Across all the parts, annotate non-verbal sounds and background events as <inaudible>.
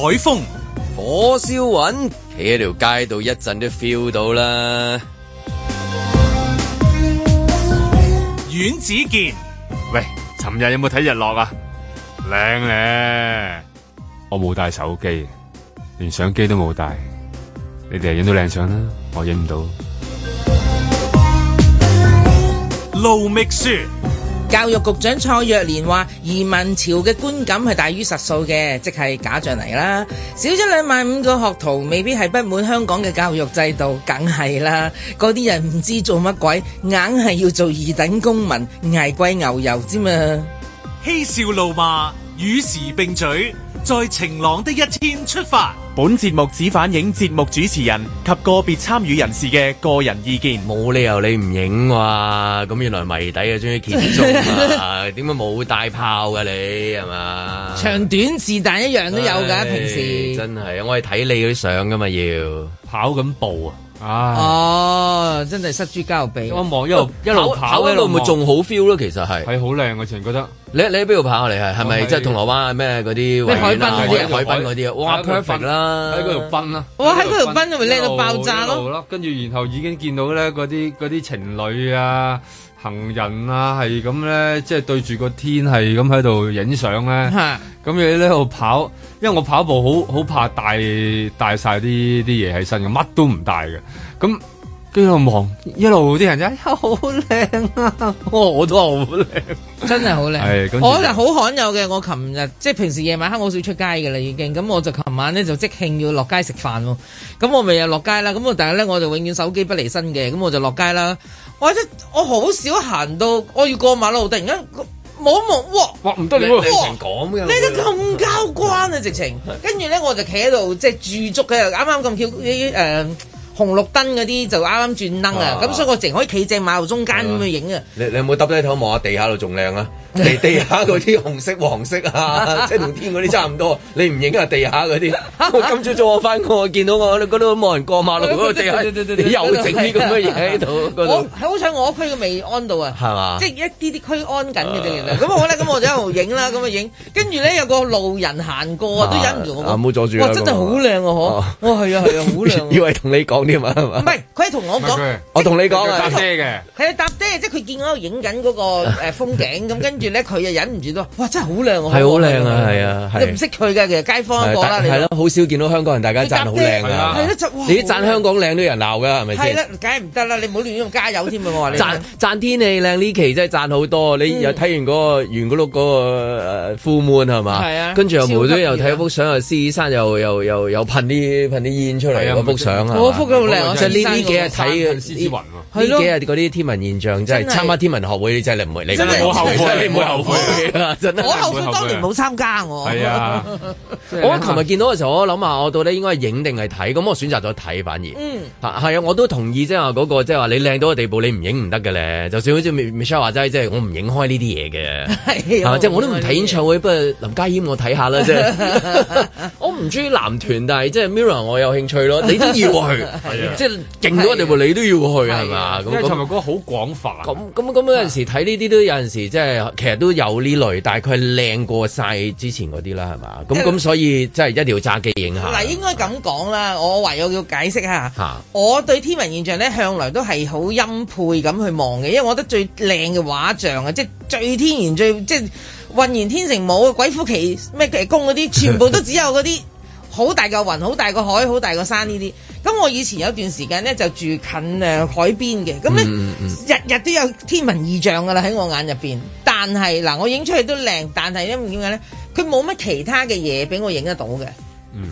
海風，火燒雲，企喺條街度一陣都 feel 到啦。阮子健，喂，尋日有冇睇日落啊？靚咧，啊，我冇帶手機，連相機都冇帶，你哋係影到靚相啦，我影唔到。盧覓雪。教育局長蔡若蓮話移民潮嘅觀感係大於實數嘅，即係假象嚟啦。少咗兩萬五個學徒，未必係不滿香港嘅教育制度，梗係啦。嗰啲人唔知做乜鬼，硬係要做二等公民，捱貴牛油之嘛。嬉笑怒罵與時並舉。在晴朗的一天出發。本節目只反映節目主持人及個別參與人士嘅個人意見，冇理由你唔影喎。咁原來謎底係終於揭盅。啊？點解冇帶炮噶你係嘛？長短是但一樣都有噶，唉平時真係啊！我係睇你嗰啲相噶嘛要跑緊步啊！啊！哦，真係失諸交臂，我望一路一路跑一路，會仲好 feel 咯。其實係係好靚啊，全覺得。你你喺邊度跑啊？你係係咪即係銅鑼灣啊？咩嗰啲海濱嗰啲海濱嗰啲啊？哇！perfect 啦，喺嗰度奔啦。哇！喺嗰度奔，會靚到爆炸咯。跟住然後已經見到咧，嗰啲啲情侶啊。行人啊，係咁咧，即係對住個天，係咁喺度影相咧。咁你喺度跑，因為我跑步好好怕帶帶晒啲啲嘢喺身，我乜都唔帶嘅。咁跟住望一路啲人啊，哎，好靚啊！我我都好靚， <laughs> 真係好靚。係是，我就好罕有嘅。我琴日即係平時夜晚黑，我好少出街噶啦，已經。咁我就。晚咧就即興要落街食飯喎，咁我咪又落街啦，咁我第係咧我就永遠手機不離身嘅，咁我就落街啦。我覺得我好少行到，我要過馬路，突然間望望，哇！唔得嚟喎哇，你成講嘅，你都咁交關啊直情。跟住咧我就企喺度即係駐足嘅，啱啱咁巧啲誒紅綠燈嗰啲就啱啱轉燈啊，咁所以我淨可以企隻馬路中間咁去影啊。你你有冇耷低頭望下地下度仲靚啊？嚟地下嗰啲紅色、黃色啊，即係同天嗰啲差唔多。你唔影啊，地下嗰啲。我今朝早我翻工，我見到我嗰度冇人過馬路嗰度，你又整啲咁嘅嘢喺度。我好彩，我區嘅未安到啊。係嘛，即係一啲啲區安緊嘅啫。原來咁我咧，咁我就影啦，咁影。跟住咧有個路人行過，都忍唔住。啊，冇阻住。哇，真係好靚啊！嗬，係啊，係啊，好靚。以為同你講添啊，係嘛？唔係，佢係同我講。我同你講搭車嘅。佢啊，搭車，即係佢見我度影緊嗰個誒風景，咁跟。跟住咧，佢又忍唔住都話，哇，真係好靚！我係好靚啊，係啊，你唔識佢嘅，其實街坊一個啦。係咯，好少見到香港人大家讚好靚啊！你啲讚香港靚都有人鬧㗎，係咪先？係咯，梗係唔得啦！你唔好亂咁加油添啊！我話你。讚讚天氣靚呢期真係讚好多，你又睇完嗰個圓碌碌嗰個誒富滿係嘛？係啊。跟住又無端又睇幅相，又獅子山又又又又噴啲噴啲煙出嚟嗰幅相啊。嗰幅咁靚啊！即呢呢幾日睇嘅呢幾日嗰啲天文現象真係參加天文學會你真係唔會，真係好後悔。唔會後悔啦，真係。我後悔當年冇參加我。係啊，我琴日見到嘅時候，我諗下我到底應該係影定係睇？咁我選擇咗睇，反而。嗯。啊，係啊，我都同意即係話嗰個，即係話你靚到個地步，你唔影唔得嘅咧。就算好似 Michelle 話齋，即係我唔影開呢啲嘢嘅。即係我都唔睇演唱會，不過林家謙我睇下啦即啫。我唔中意男團，但係即係 Mirror 我有興趣咯。你都要去，即係勁到個地步，你都要去係嘛？因為琴日好廣泛。咁咁咁有陣時睇呢啲都有陣時即係。其實都有呢類，大概佢係靚過曬之前嗰啲啦，係嘛？咁咁所以即係一定要揸機影下。嗱，應該咁講啦，啊、我唯有要解釋下，啊、我對天文現象咧向來都係好欽佩咁去望嘅。因為我覺得最靚嘅畫像啊，即係最天然、最即係渾然天成冇鬼斧奇咩奇工嗰啲，全部都只有嗰啲。 <laughs> 好大嚿雲，好大個海，好大個山呢啲。咁我以前有段時間呢，就住近誒、呃、海邊嘅，咁呢，mm hmm. 日日都有天文異象噶啦喺我眼入邊。但係嗱，我影出去都靚，但係咧點解呢？佢冇乜其他嘅嘢俾我影得到嘅。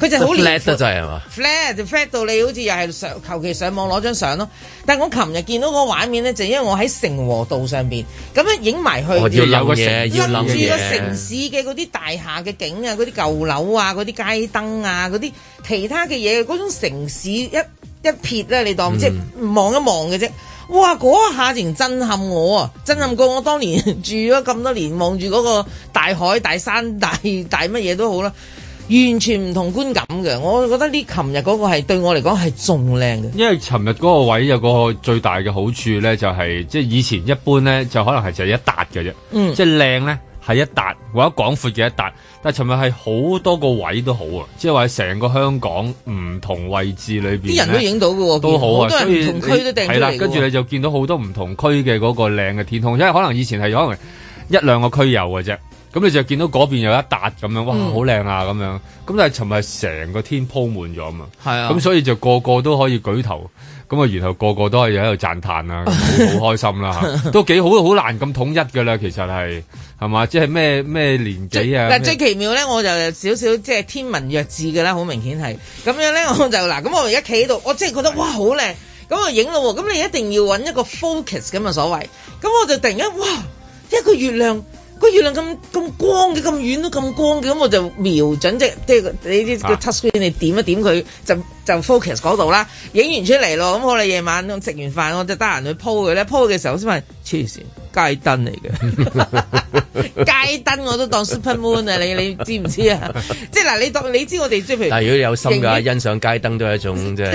佢、嗯、就好 flat 得滯係嘛？flat 就係、flat, flat 到你好似又係上求其上網攞張相咯。但係我琴日見到個畫面咧，就係、因為我喺城和道上邊咁樣影埋去，哦、要有個嘢，住個城市嘅啲大廈嘅景啊，啲舊樓啊，啲街燈啊，啲其他嘅嘢，嗰種城市一一撇咧，你當即望一望嘅啫。嗯、哇！嗰一下仲震撼我啊，震撼過我當年住咗咁多年，望住嗰個大海、大山、大大乜嘢都好啦。完全唔同觀感嘅，我覺得呢琴日嗰個係對我嚟講係仲靚嘅。因為琴日嗰個位有個最大嘅好處咧，就係，係，即係以前一般咧，就可能係就一笪嘅啫。嗯，即係靚咧係一笪或者廣闊嘅一笪，但係琴日係好多個位都好啊，即係話成個香港唔同位置裏邊，啲人都影到嘅喎，到都好啊。都唔同區都出，所以係啦，跟住你就見到好多唔同區嘅嗰個靚嘅天空，因為可能以前係可能一兩個區有嘅啫。咁你就見到嗰邊有一笪咁樣，哇，好靚、嗯、啊咁樣。咁但係尋日成個天鋪滿咗是啊嘛，咁所以就個個都可以舉頭，咁啊，然後個個都係喺度讚歎啦，好 <laughs> 開心啦、啊、 <laughs> 都幾好，好難咁統一噶啦，其實係係嘛，即係咩咩年紀啊？但最奇妙咧，我就少少即係天文弱智嘅啦，好明顯係咁樣咧，我就嗱，咁我而家企喺度，我真係覺得哇，好靚，咁的我影咯喎，咁你一定要搵一個 focus 咁啊所謂，咁我就突然間哇，一個月亮。個月亮咁咁光嘅，咁遠都咁光嘅，咁我就瞄準即即係你啲嘅 touchscreen，你點一點佢就就 focus 嗰度啦，影完出嚟咯。咁我哋夜晚食完飯，我就得閒去鋪佢咧，鋪嘅時候先問黐線。街燈嚟嘅 <laughs> 街燈我都當 Super Moon 啊！你你知唔知啊？ <laughs> 即係嗱，你當你知我哋即係譬如，但如果你有心嘅認 欣賞街燈都係一種 <laughs> 即係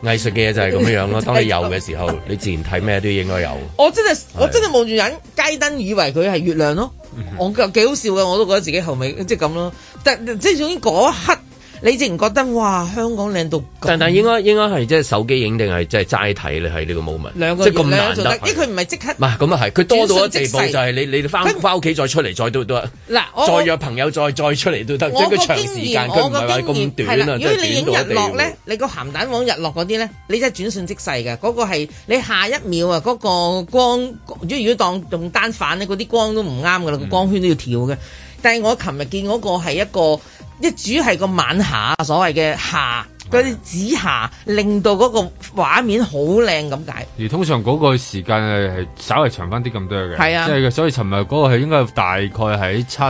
藝術嘅嘢，就係咁樣樣咯。當你有嘅時候， <laughs> 你自然睇咩都應該有。我真係是我真係望住人街燈，以為佢係月亮咯。 <laughs> 我幾好笑嘅，我都覺得自己後尾即係咁咯。即係總之嗰一刻。你直唔覺得哇？香港靚到但但應該應該係即係手機影定係即係齋睇你喺呢個 moment，兩個兩個做得咦？佢唔係即刻唔係咁啊？係佢多到一地步就係你你翻翻屋企再出嚟再都得嗱，再約朋友再再出嚟都得。即係個長時間，佢唔係話咁短啊，即係短咗啲，如果你影日落咧，你個鹹蛋黃日落嗰啲咧，你真係轉瞬即逝嘅。嗰個係你下一秒啊，嗰個光，如果要當用單反咧，嗰啲光都唔啱噶啦，個光圈都要跳嘅。但係我琴日見嗰個係一個。一主係個晚霞，所謂嘅霞嗰啲紫霞，令到嗰個畫面好靚咁解。而通常嗰個時間係係稍微長翻啲咁多嘅，係啊，即係所以，尋日嗰個係應該大概喺七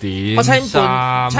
點七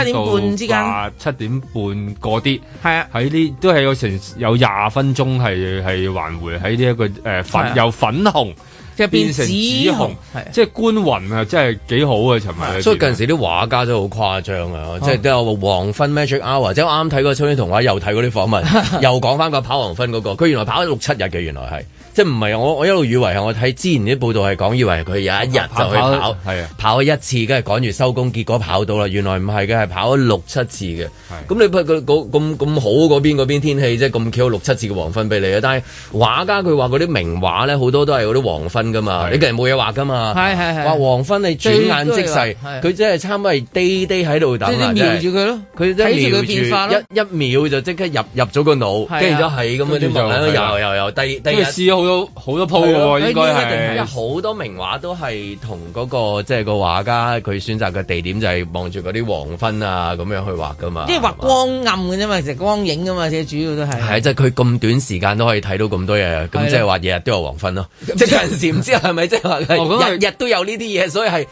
點半之間，七點半個啲係啊，喺呢都係有成、這個呃啊、有廿分鐘係係還回喺呢一個誒粉有粉紅。即係變成紫紅，即係觀雲啊！真係幾好啊，尋日。所以近時啲畫家真係好誇張啊、oh.！即係都有黃昏 magic hour。即係我啱睇嗰個秋天童話，又睇嗰啲訪問， <laughs> 又講返個跑黃昏嗰、嗰個。佢原來跑咗六七日嘅，原來係。即係唔係？我我一路以為係我睇之前啲報道係講，以為佢有一日就去跑，係啊，跑咗一次，梗係趕住收工，結果跑到啦，原來唔係嘅，係跑咗六七次嘅。咁，你不佢咁咁好嗰邊嗰邊天氣啫，咁企有六七次嘅黃昏俾你啊。但係畫家佢話嗰啲名畫咧，好多都係嗰啲黃昏噶嘛，你個人冇嘢畫噶嘛，係係黃昏係轉眼即逝，佢真係差唔多係低低喺度等啊，瞄住佢咯，睇住佢變化，一秒就即刻入入咗個腦，跟住一係咁樣又又又好多好多鋪嘅喎，應該係好多名畫都係同嗰個即係個畫家佢選擇嘅地點就係望住嗰啲黃昏啊咁樣去畫噶嘛，即係畫光暗嘅啫嘛，其實光影㗎嘛，而且主要都係係即係佢咁短時間都可以睇到咁多嘢，咁即係話日日都有黃昏咯，即係有陣時唔知係咪即係話日日都有呢啲嘢，所以係誒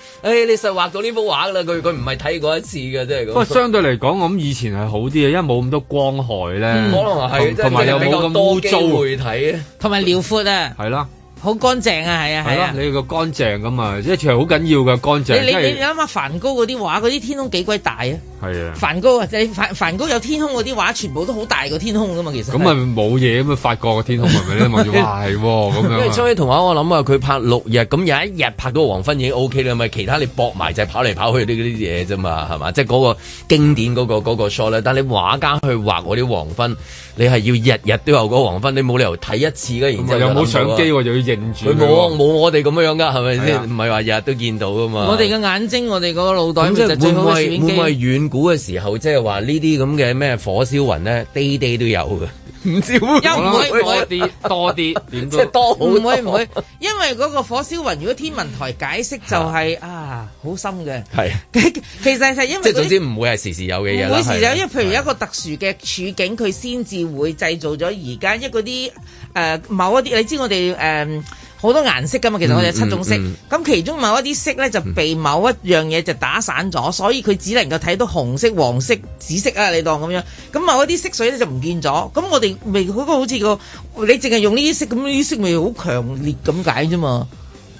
你實畫到呢幅畫嘅啦，佢佢唔係睇過一次嘅，即係咁。不過相對嚟講，咁以前係好啲嘅，因為冇咁多光害咧，同埋又冇咁污糟機會睇，同埋廖寬。係咯，好乾淨啊，係啊，係啊，你個乾淨噶嘛，即係好緊要噶乾淨。你你諗下梵高嗰啲畫，嗰啲天空幾鬼大啊？係啊的，梵高啊，你、即係、梵梵高有天空嗰啲畫，全部都好大個天空噶、啊、嘛，其實的。咁咪冇嘢咁啊？法國個天空係咪咧？望住大咁樣。所以同話我諗啊，佢拍六日，咁有一日拍到黃昏已經 O K 啦，咪其他你搏埋就係跑嚟跑去啲啲嘢啫嘛，係嘛？即係嗰個經典嗰、那個個 shot 咧。但係你畫家去畫嗰啲黃昏。你係要日日都有個黃昏，你冇理由睇一次嘅，然之後又冇相機我就要認住，佢冇冇我哋咁樣樣噶，係咪先？唔係話日日都見到噶嘛？我哋嘅眼睛，我哋嗰個腦袋即，其實最好嘅攝影機。會唔會遠古嘅時候，即係話呢啲咁嘅咩火燒雲咧 day day 都有嘅？唔知會唔會多啲？ <laughs> 多啲點都？唔會唔會，會 <laughs> 因為嗰個火燒雲，如果天文台解釋就係、是、 <laughs> 啊，好深嘅。係的， <laughs> 其實係因為即係總之唔會係時時有嘅嘢。唔會時有，的因為譬如一個特殊嘅處境，佢先至會製造咗而家一個啲誒某一啲，你知我哋誒。嗯好多顏色噶嘛，其實我哋有七種色，咁、嗯嗯嗯、其中某一啲色咧就被某一樣嘢就打散咗，嗯、所以佢只能夠睇到紅色、黃色、紫色啊，你當咁樣，咁某一啲色水咧就唔見咗，咁我哋未嗰個好似個你淨係用呢啲色，咁呢啲色咪好強烈咁解啫嘛。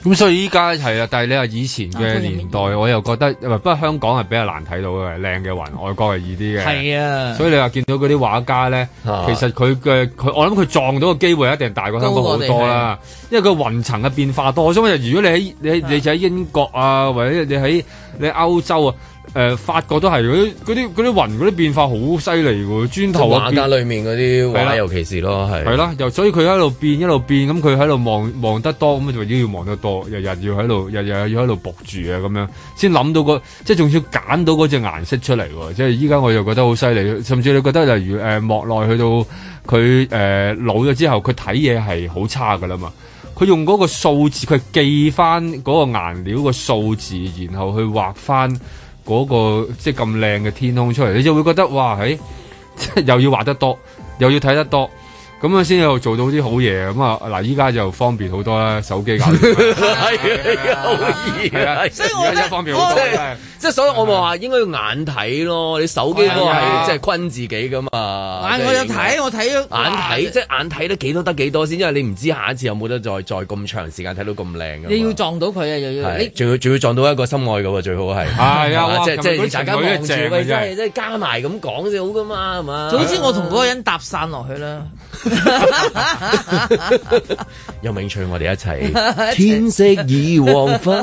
咁、嗯、所以依家係啊，但係你話以前嘅年代，啊、我又覺得唔係，不過香港係比較難睇到嘅靚嘅雲，外國係易啲嘅。係啊，所以你話見到嗰啲畫家咧，其實佢嘅佢，我諗佢撞到嘅機會一定大過香港好多啦，因為佢雲層嘅變化多。我想如果你喺你你就喺英國啊，或者你喺你歐洲啊？誒、呃、法國都係嗰啲啲啲雲嗰啲變化好犀利嘅喎，磚頭裡啊，家裏面嗰啲尤其是咯係係啦，又、啊啊、所以佢喺度變一路變，咁佢喺度望望得多，咁啊仲要望得多，日日要喺度日日要喺度搏住啊，咁樣先諗到個即係仲要揀到嗰隻顏色出嚟喎。即係依家我又覺得好犀利，甚至你覺得例如誒莫奈去到佢誒、呃、老咗之後，佢睇嘢係好差㗎啦嘛。佢用嗰個數字，佢記翻嗰個顏料個數字，然後去畫翻。嗰個即係咁靚嘅天空出嚟，你就會覺得哇！喺即係又要畫得多，又要睇得多。咁啊，先又做到啲好嘢咁啊！嗱，依家就方便好多啦，手機搞掂。係啊，好易。係啊，所以我覺得，即係所以我咪話應該要眼睇咯。你手機都係即係坤自己噶嘛。眼，我有睇，我睇咗。眼睇即係眼睇得幾多得幾多先，因為你唔知下一次有冇得再再咁長時間睇到咁靚。你要撞到佢啊！又要你。仲要仲要撞到一個心愛嘅喎，最好係。係啊，即係即係大家望住，真係加埋咁講就好噶嘛，係嘛？總之我同嗰個人搭訕落去啦。 <laughs> 又名唱，我哋一齊。天色已黃昏，咁 <laughs> <laughs>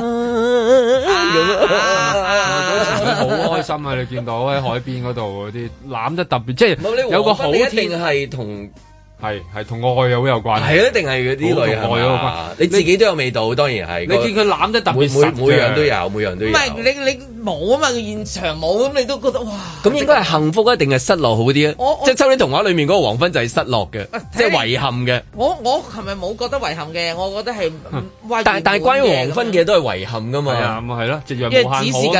啊！嗰個團好開心啊！你見到喺海邊嗰度嗰啲攬得特別， <laughs> 即係是有個好天，一定係同。係係同愛又好有關，係啊，定係嗰啲類型啊。你自己都有味道，當然係。你見佢攬得特別，每每樣都有，每樣都有。唔係你你冇啊嘛？現場冇咁，你都覺得哇！咁應該係幸福，一定係失落好啲啊！即係秋天童話裏面嗰個黃昏就係失落嘅，即係遺憾嘅。我我琴日冇覺得遺憾嘅，我覺得係，但係但係關於黃昏嘅都係遺憾噶嘛？咁咪係咯，夕陽無限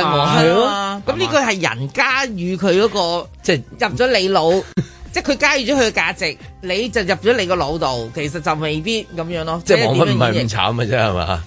好嘛？係咯。咁呢個係人家與佢嗰個，即係入咗你腦。即係佢加入咗佢嘅價值，你就入咗你個腦度，其實就未必咁樣咯。即係是點樣嘅？即係乜唔係咁慘嘅、啊、啫，係嘛？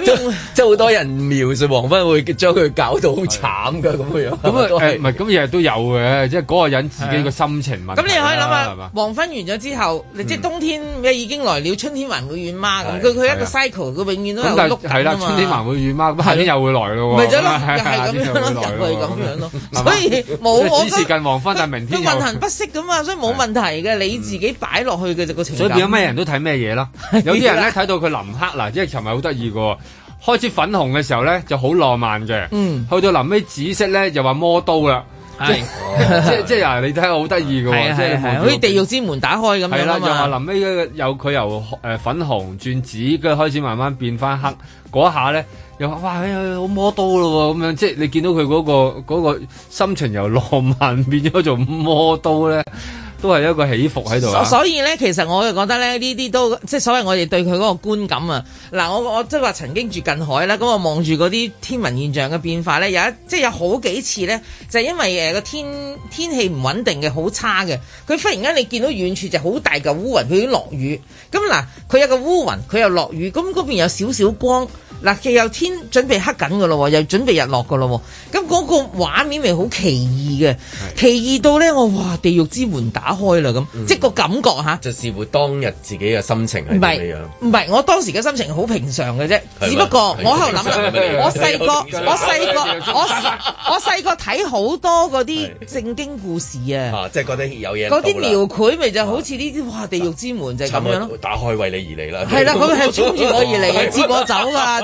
咁即係好多人描述黃昏會將佢搞到好慘嘅咁嘅樣。咁誒咁日日都有嘅，即係嗰個人自己嘅心情。咁你可以諗下，黃昏完咗之後，即係冬天已經來了，春天還會遠嗎？咁佢佢一個 cycle，佢永遠都有碌啦，春天還會遠嗎？夏天又會來咯喎。咪就係咯，又係咁樣咯，又係咁樣咯。所以冇只是近黃昏，但明天佢運行不息咁嘛，所以冇問題嘅。你自己擺落去嘅個情感。所以變咩人都睇咩嘢咯。有啲人咧睇到佢臨黑嗱，即係琴日好得意個。開始粉紅嘅時候咧，就好浪漫嘅。嗯，去到臨尾紫色咧，又話魔刀啦。係，即即即啊！你睇好得意㗎喎，即係好似地獄之門打開咁樣啊啦，就話臨尾有佢由誒粉紅轉紫，跟住開始慢慢變翻黑。嗰 <laughs> 一下咧，又話哇、哎，好魔刀咯喎，咁樣即係你見到佢嗰、嗰個心、嗰個嗰個、情，深情由浪漫變咗做魔刀咧。 <laughs> <laughs> 都係一個起伏喺度。所以呢，其實我就覺得咧，呢啲都即係所謂我哋對佢嗰個觀感啊。嗱，我我即係話曾經住近海啦，咁我望住嗰啲天文現象嘅變化呢，有一即係有好幾次呢，就係、因為誒個天天氣唔穩定嘅，好差嘅。佢忽然間你見到遠處就好大嚿烏雲，佢已經落雨。咁嗱，佢有個烏雲，佢又落雨，咁嗰邊有少少光。嗱，又天準備黑緊嘅咯喎，又準備日落嘅咯喎，咁嗰個畫面咪好奇異嘅，奇異到咧我哇地獄之門打開啦咁，即係個感覺吓，就視乎當日自己嘅心情。唔係，唔係，我當時嘅心情好平常嘅啫，只不過我喺度諗，我細個，我細個，我我細個睇好多嗰啲正經故事啊，即係覺得有嘢。嗰啲描繪咪就好似呢啲哇地獄之門就係咁樣咯，打開為你而嚟啦。係啦，佢係衝住我而嚟，接我走啊。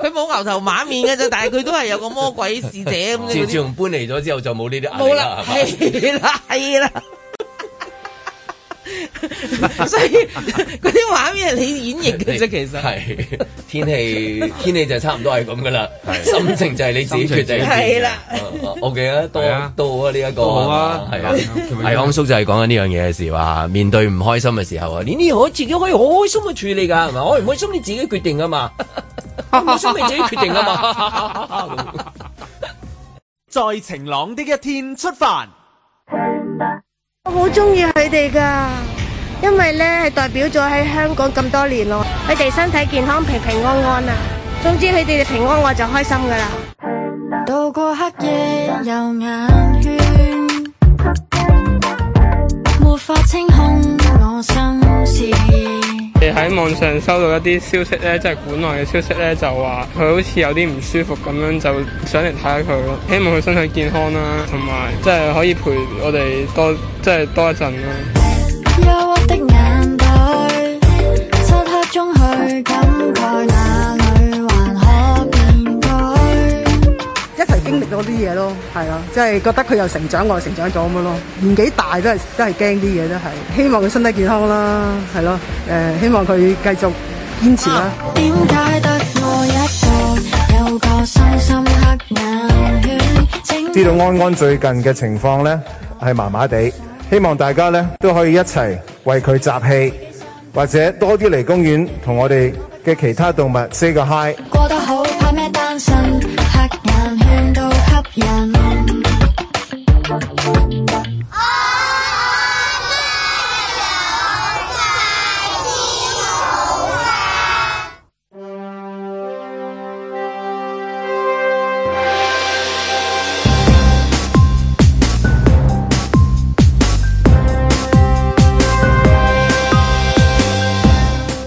佢冇 <laughs> 牛頭馬面嘅啫，但係佢都係有個魔鬼使者咁樣。自從 <laughs> 搬嚟咗之後就，就冇呢啲壓力。冇啦吧，係啦，係啦。所以嗰啲畫面係你演繹嘅啫，其實係天氣天氣就差唔多係咁噶啦，心情就係你自己決定係啦。O K 啊，到到啊呢一個係啊，阿康叔就係講緊呢樣嘢嘅時話，面對唔開心嘅時候啊，你呢可自己可以好開心去處理噶，係咪？我唔開心你自己決定噶嘛，我唔開心你自己決定噶嘛。在晴朗的一天出發。我好中意佢哋噶，因為咧係代表咗喺香港咁多年咯。佢哋身體健康、平平安安啊！總之佢哋平安我就開心噶啦。渡過黑夜，有眼圈，無法清空我心事。喺網上收到一啲消息呢，即係管內嘅消息呢，就話佢好似有啲唔舒服咁樣，就想嚟睇下佢咯。希望佢身體健康啦，同埋即係可以陪我哋多即係多一陣啦。 <music> 一齊經歷咗啲嘢咯，係啊，即係覺得佢又成長，我又成長咗咁樣咯。年紀大都係都係驚啲嘢，都係希望佢身體健康啦，係咯，誒，希望佢繼續堅持啦。點解得我一個有個黑眼圈？知道安安最近嘅情況咧係麻麻地，希望大家咧都可以一齊為佢集氣，或者多啲嚟公園同我哋嘅其他動物 say 個 hi。過得好。人人啊，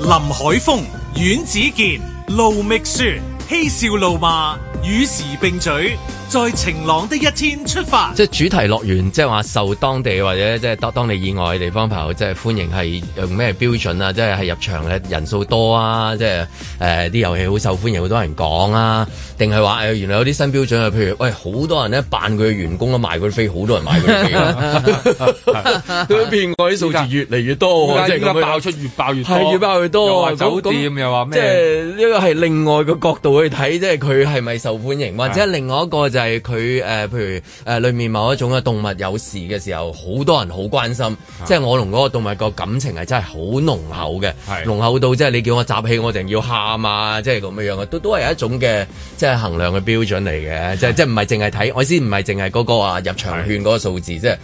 林海峰、阮子健、盧覓雪，嬉笑怒罵與時並舉。在晴朗的一天出發，即係主題樂園，即係話受當地或者即係當當地以外嘅地方朋友即係歡迎，係用咩標準啊？即係係入場嘅人數多啊，即係誒啲遊戲好受歡迎，好多人講啊，定係話誒原來有啲新標準啊？譬如喂，好多人咧扮佢嘅員工啊，賣佢飛，好多人買佢飛，對唔住，我啲數字越嚟越多，現在現在即係爆，爆出越爆越多，係越爆越多。酒店又話咩？即係呢個係另外個角度去睇，即係佢係咪受歡迎，或者另外一個就是係佢誒，譬如誒、呃，裡面某一種嘅動物有事嘅時候，好多人好關心，的即係我同嗰個動物個感情係真係好濃厚嘅，的濃厚到即係你叫我集氣，我仲要喊啊，即係咁樣樣嘅，都都係一種嘅即係衡量嘅標準嚟嘅，的即係即係唔係淨係睇，我意思唔係淨係嗰個啊入場券嗰個數字，的即係。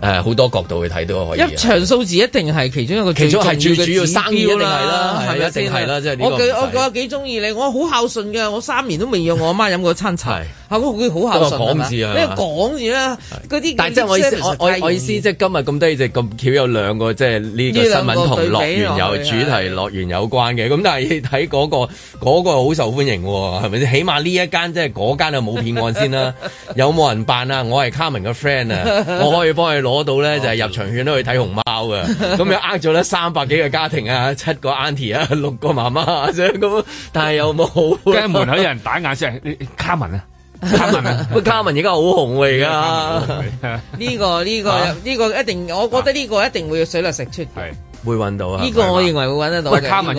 誒好多角度去睇都可以，一場數字一定係其中一個，其中係最主要生意啦，係一定係啦，即係我我我幾中意你，我好孝順㗎，我三年都未用我阿媽飲過餐茶，係冇佢好孝順係嘛？咩講住啦，嗰啲但係即係我意思，我我意思即係今日咁低值咁巧有兩個即係呢個新聞同樂園有主題樂園有關嘅，咁但係睇嗰個嗰個好受歡迎喎，係咪先？起碼呢一間即係嗰間就冇騙案先啦，有冇人辦啊？我係 Carmen 嘅 friend 啊，我可以幫你。攞到咧、啊、就係入場券都去睇熊貓嘅，咁 <laughs> 又呃咗咧三百幾個家庭啊，七個 Auntie 啊，六個媽媽咁，但係有冇，跟 <laughs> 門口有人打眼色， <laughs> 卡文啊，卡文啊，個卡文而家好紅喎而家，呢、呢個呢個呢個一定，我覺得呢個一定會有水落石出嘅。會揾到啊！呢個我認為會揾得到嘅。佢卡老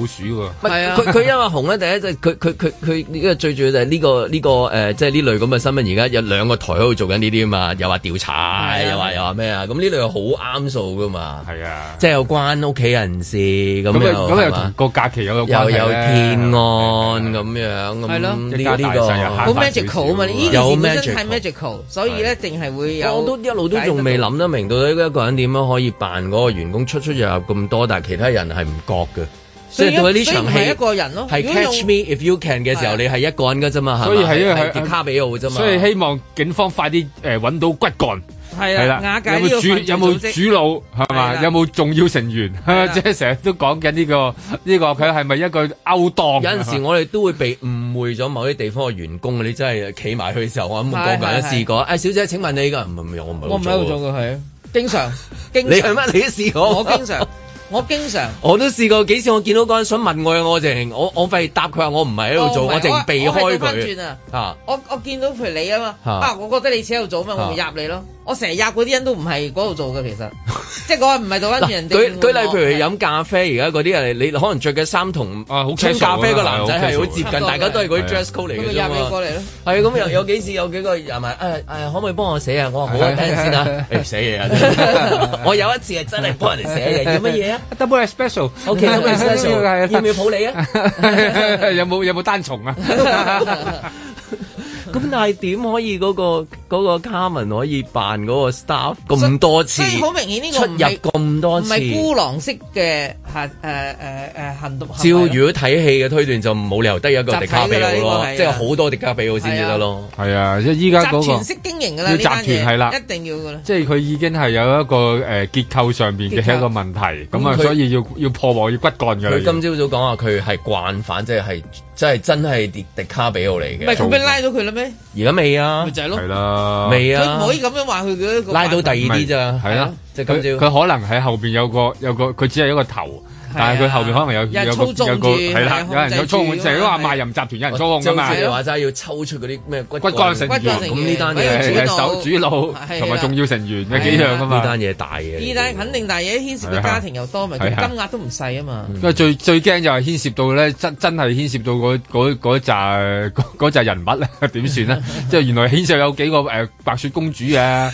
鼠喎。啊！佢因為紅咧，第一即係佢佢佢佢呢個最主要就係呢個呢個誒，即係呢類咁嘅新聞。而家有兩個台喺度做緊呢啲啊嘛，又話調查，又話又話咩啊？咁呢類好啱數噶嘛。係啊！即係有關屋企人事咁啊。咁又個假期有又有天安咁樣。咁呢個好 magical 啊嘛！呢 magical，所以咧定係會有。我都一路都仲未諗得明，到一個人點樣可以辦嗰個員工出出入入。有咁多，但係其他人係唔覺嘅，所以到呢場戲係一個人咯，係 Catch Me If You Can 嘅時候，你係一個人嘅啫嘛，係嘛，係狄卡比奧嘅啫嘛，所以希望警方快啲誒搵到骨幹，係啦，有冇主有冇主腦係嘛？有冇重要成員，即係成日都講緊呢個呢個，佢係咪一個勾當？有陣時我哋都會被誤會咗某啲地方嘅員工，你真係企埋去嘅時候，我冇講過，試過。小姐，請問你依個唔係唔係我唔係我唔係做過。經常，經常，你係乜？你都試我， <laughs> 我經常。我經常我都試過幾次，我見到嗰人想問我嘅，我淨我我費事答佢話，我唔係喺度做，我淨避開佢。啊！我我見到譬如你啊嘛，啊！我覺得你似喺度做啊嘛，我咪入你咯。我成日入嗰啲人都唔係嗰度做嘅，其實即係我唔係做翻轉人哋。舉例譬如飲咖啡而家嗰啲啊，你可能着嘅衫同啊，咖啡個男仔係好接近，大家都係嗰啲 dress code 嚟嘅。咁入面過嚟咧，係咁又有幾次有幾個啊？係誒可唔可以幫我寫啊？我話好啊，等陣先啊。誒寫嘢啊！我有一次係真係幫人哋寫嘢，乜嘢 Double S special, OK, double S special, 要唔要抱你啊？ <laughs> 有有有有啊？有冇有冇單重啊？咁但係點可以嗰、那個嗰、那個卡文可以扮嗰個 staff 咁多次以？好明顯呢個出入咁多次，唔係孤狼式嘅。誒誒誒行動！照如果睇戲嘅推斷，就冇理由得一個迪卡比奧咯，即係好多迪卡比奧先至得咯。係啊，即係依家嗰個要集團係啦，一定要噶啦。即係佢已經係有一個誒結構上邊嘅一個問題，咁啊，所以要要破獲要骨幹嘅。佢今朝早講話佢係慣犯，即係係即係真係迪迪卡比奧嚟嘅。唔係，同佢拉到佢啦咩？而家未啊，咪就係咯，係啦，未啊，唔可以咁樣話佢嘅拉到第二啲咋，係啦。佢佢可能喺後邊有個有個，佢只係一個頭。但係佢後面可能有有個係啦，有人有操控，成日都話賣淫集團有人操控啊嘛，就係話齋要抽出嗰啲咩骨骨幹成員，咁呢單嘢係首主腦同埋重要成員嘅幾樣啊嘛，呢單嘢大嘅，呢單肯定大嘢，牽涉嘅家庭又多，咪金額都唔細啊嘛。咁啊最最驚就係牽涉到咧真真係牽涉到嗰嗰紮扎人物咧點算呢？即係原來牽涉有幾個誒白雪公主啊，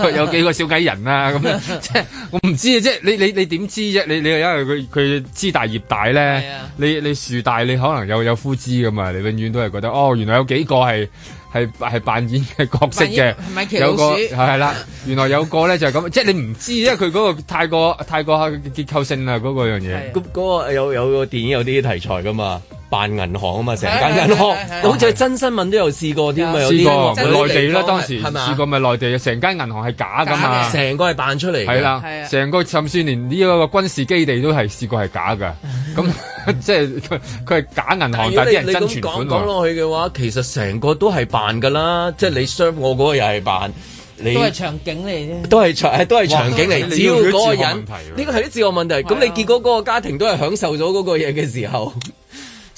有有幾個小矮人啊咁樣，即係我唔知啊，即係你你你點知啫？你你因為佢佢枝大葉大咧，Yeah. 你你樹大你可能有有枯枝噶嘛，你永遠都係覺得哦，原來有幾個係。係係扮演嘅角色嘅，有個係啦。原來有個咧就係咁，即係你唔知，因為佢嗰個太過太過結構性啦嗰個樣嘢。咁嗰個有有個電影有啲題材㗎嘛，扮銀行啊嘛，成間銀行，好似係真新聞都有試過添啊。試過內地啦，當時試過咪內地，成間銀行係假㗎嘛，成個係扮出嚟。係啦，成個甚至連呢個軍事基地都係試過係假㗎。咁。 <laughs> 即係佢，佢係假銀行，但啲人真存款。講落去嘅話，其實成個都係扮㗎啦。即係你 serve 我嗰個又係扮，都係場景嚟啫，都係場，都係場景嚟。只要嗰個人，呢個係啲自我問題。咁、啊、你結果嗰個家庭都係享受咗嗰個嘢嘅時候。 <laughs> <laughs>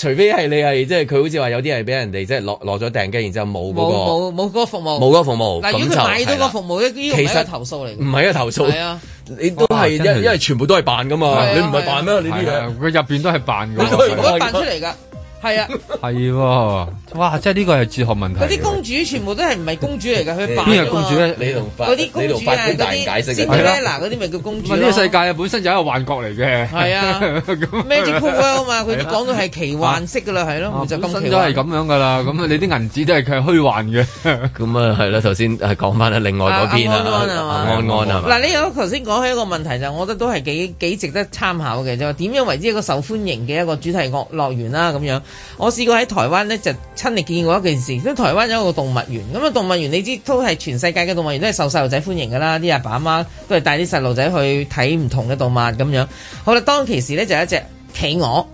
除非係你係即係佢好似話有啲係俾人哋即係落落咗訂金，然之後冇嗰個冇冇冇嗰個服務，冇嗰個服務。嗱，如果佢買到嗰個服務咧，呢個唔係一個投訴嚟，唔係一個投訴。係啊，你都係因因為全部都係扮噶嘛，你唔係扮咩？你啲嘢佢入邊都係扮㗎，全部都係扮出嚟㗎。係啊，係喎，哇！即係呢個係哲學問題。嗰啲公主全部都係唔係公主嚟嘅，佢扮。邊個公主咧？你度扮。嗰啲公主係嗰啲。先至咧，嗱，嗰啲咪叫公主咯。呢個世界啊，本身就一個幻覺嚟嘅。係啊，Magic World 嘛，佢講到係奇幻式噶啦，係咯，就咁多。都係咁樣噶啦，咁啊，你啲銀紙都係佢虛幻嘅。咁啊，係啦，頭先係講翻喺另外嗰邊啦。安安係嘛？嗱，呢個頭先講起一個問題就，我覺得都係幾幾值得參考嘅，就點樣為之一個受歡迎嘅一個主題樂樂園啦，咁樣。我試過喺台灣咧就親歷見過一件事，因為台灣有一個動物園，咁啊動物園你知都係全世界嘅動物園都係受細路仔歡迎㗎啦，啲阿爸阿媽都係帶啲細路仔去睇唔同嘅動物咁樣。好啦，當其時咧就有一隻企鵝，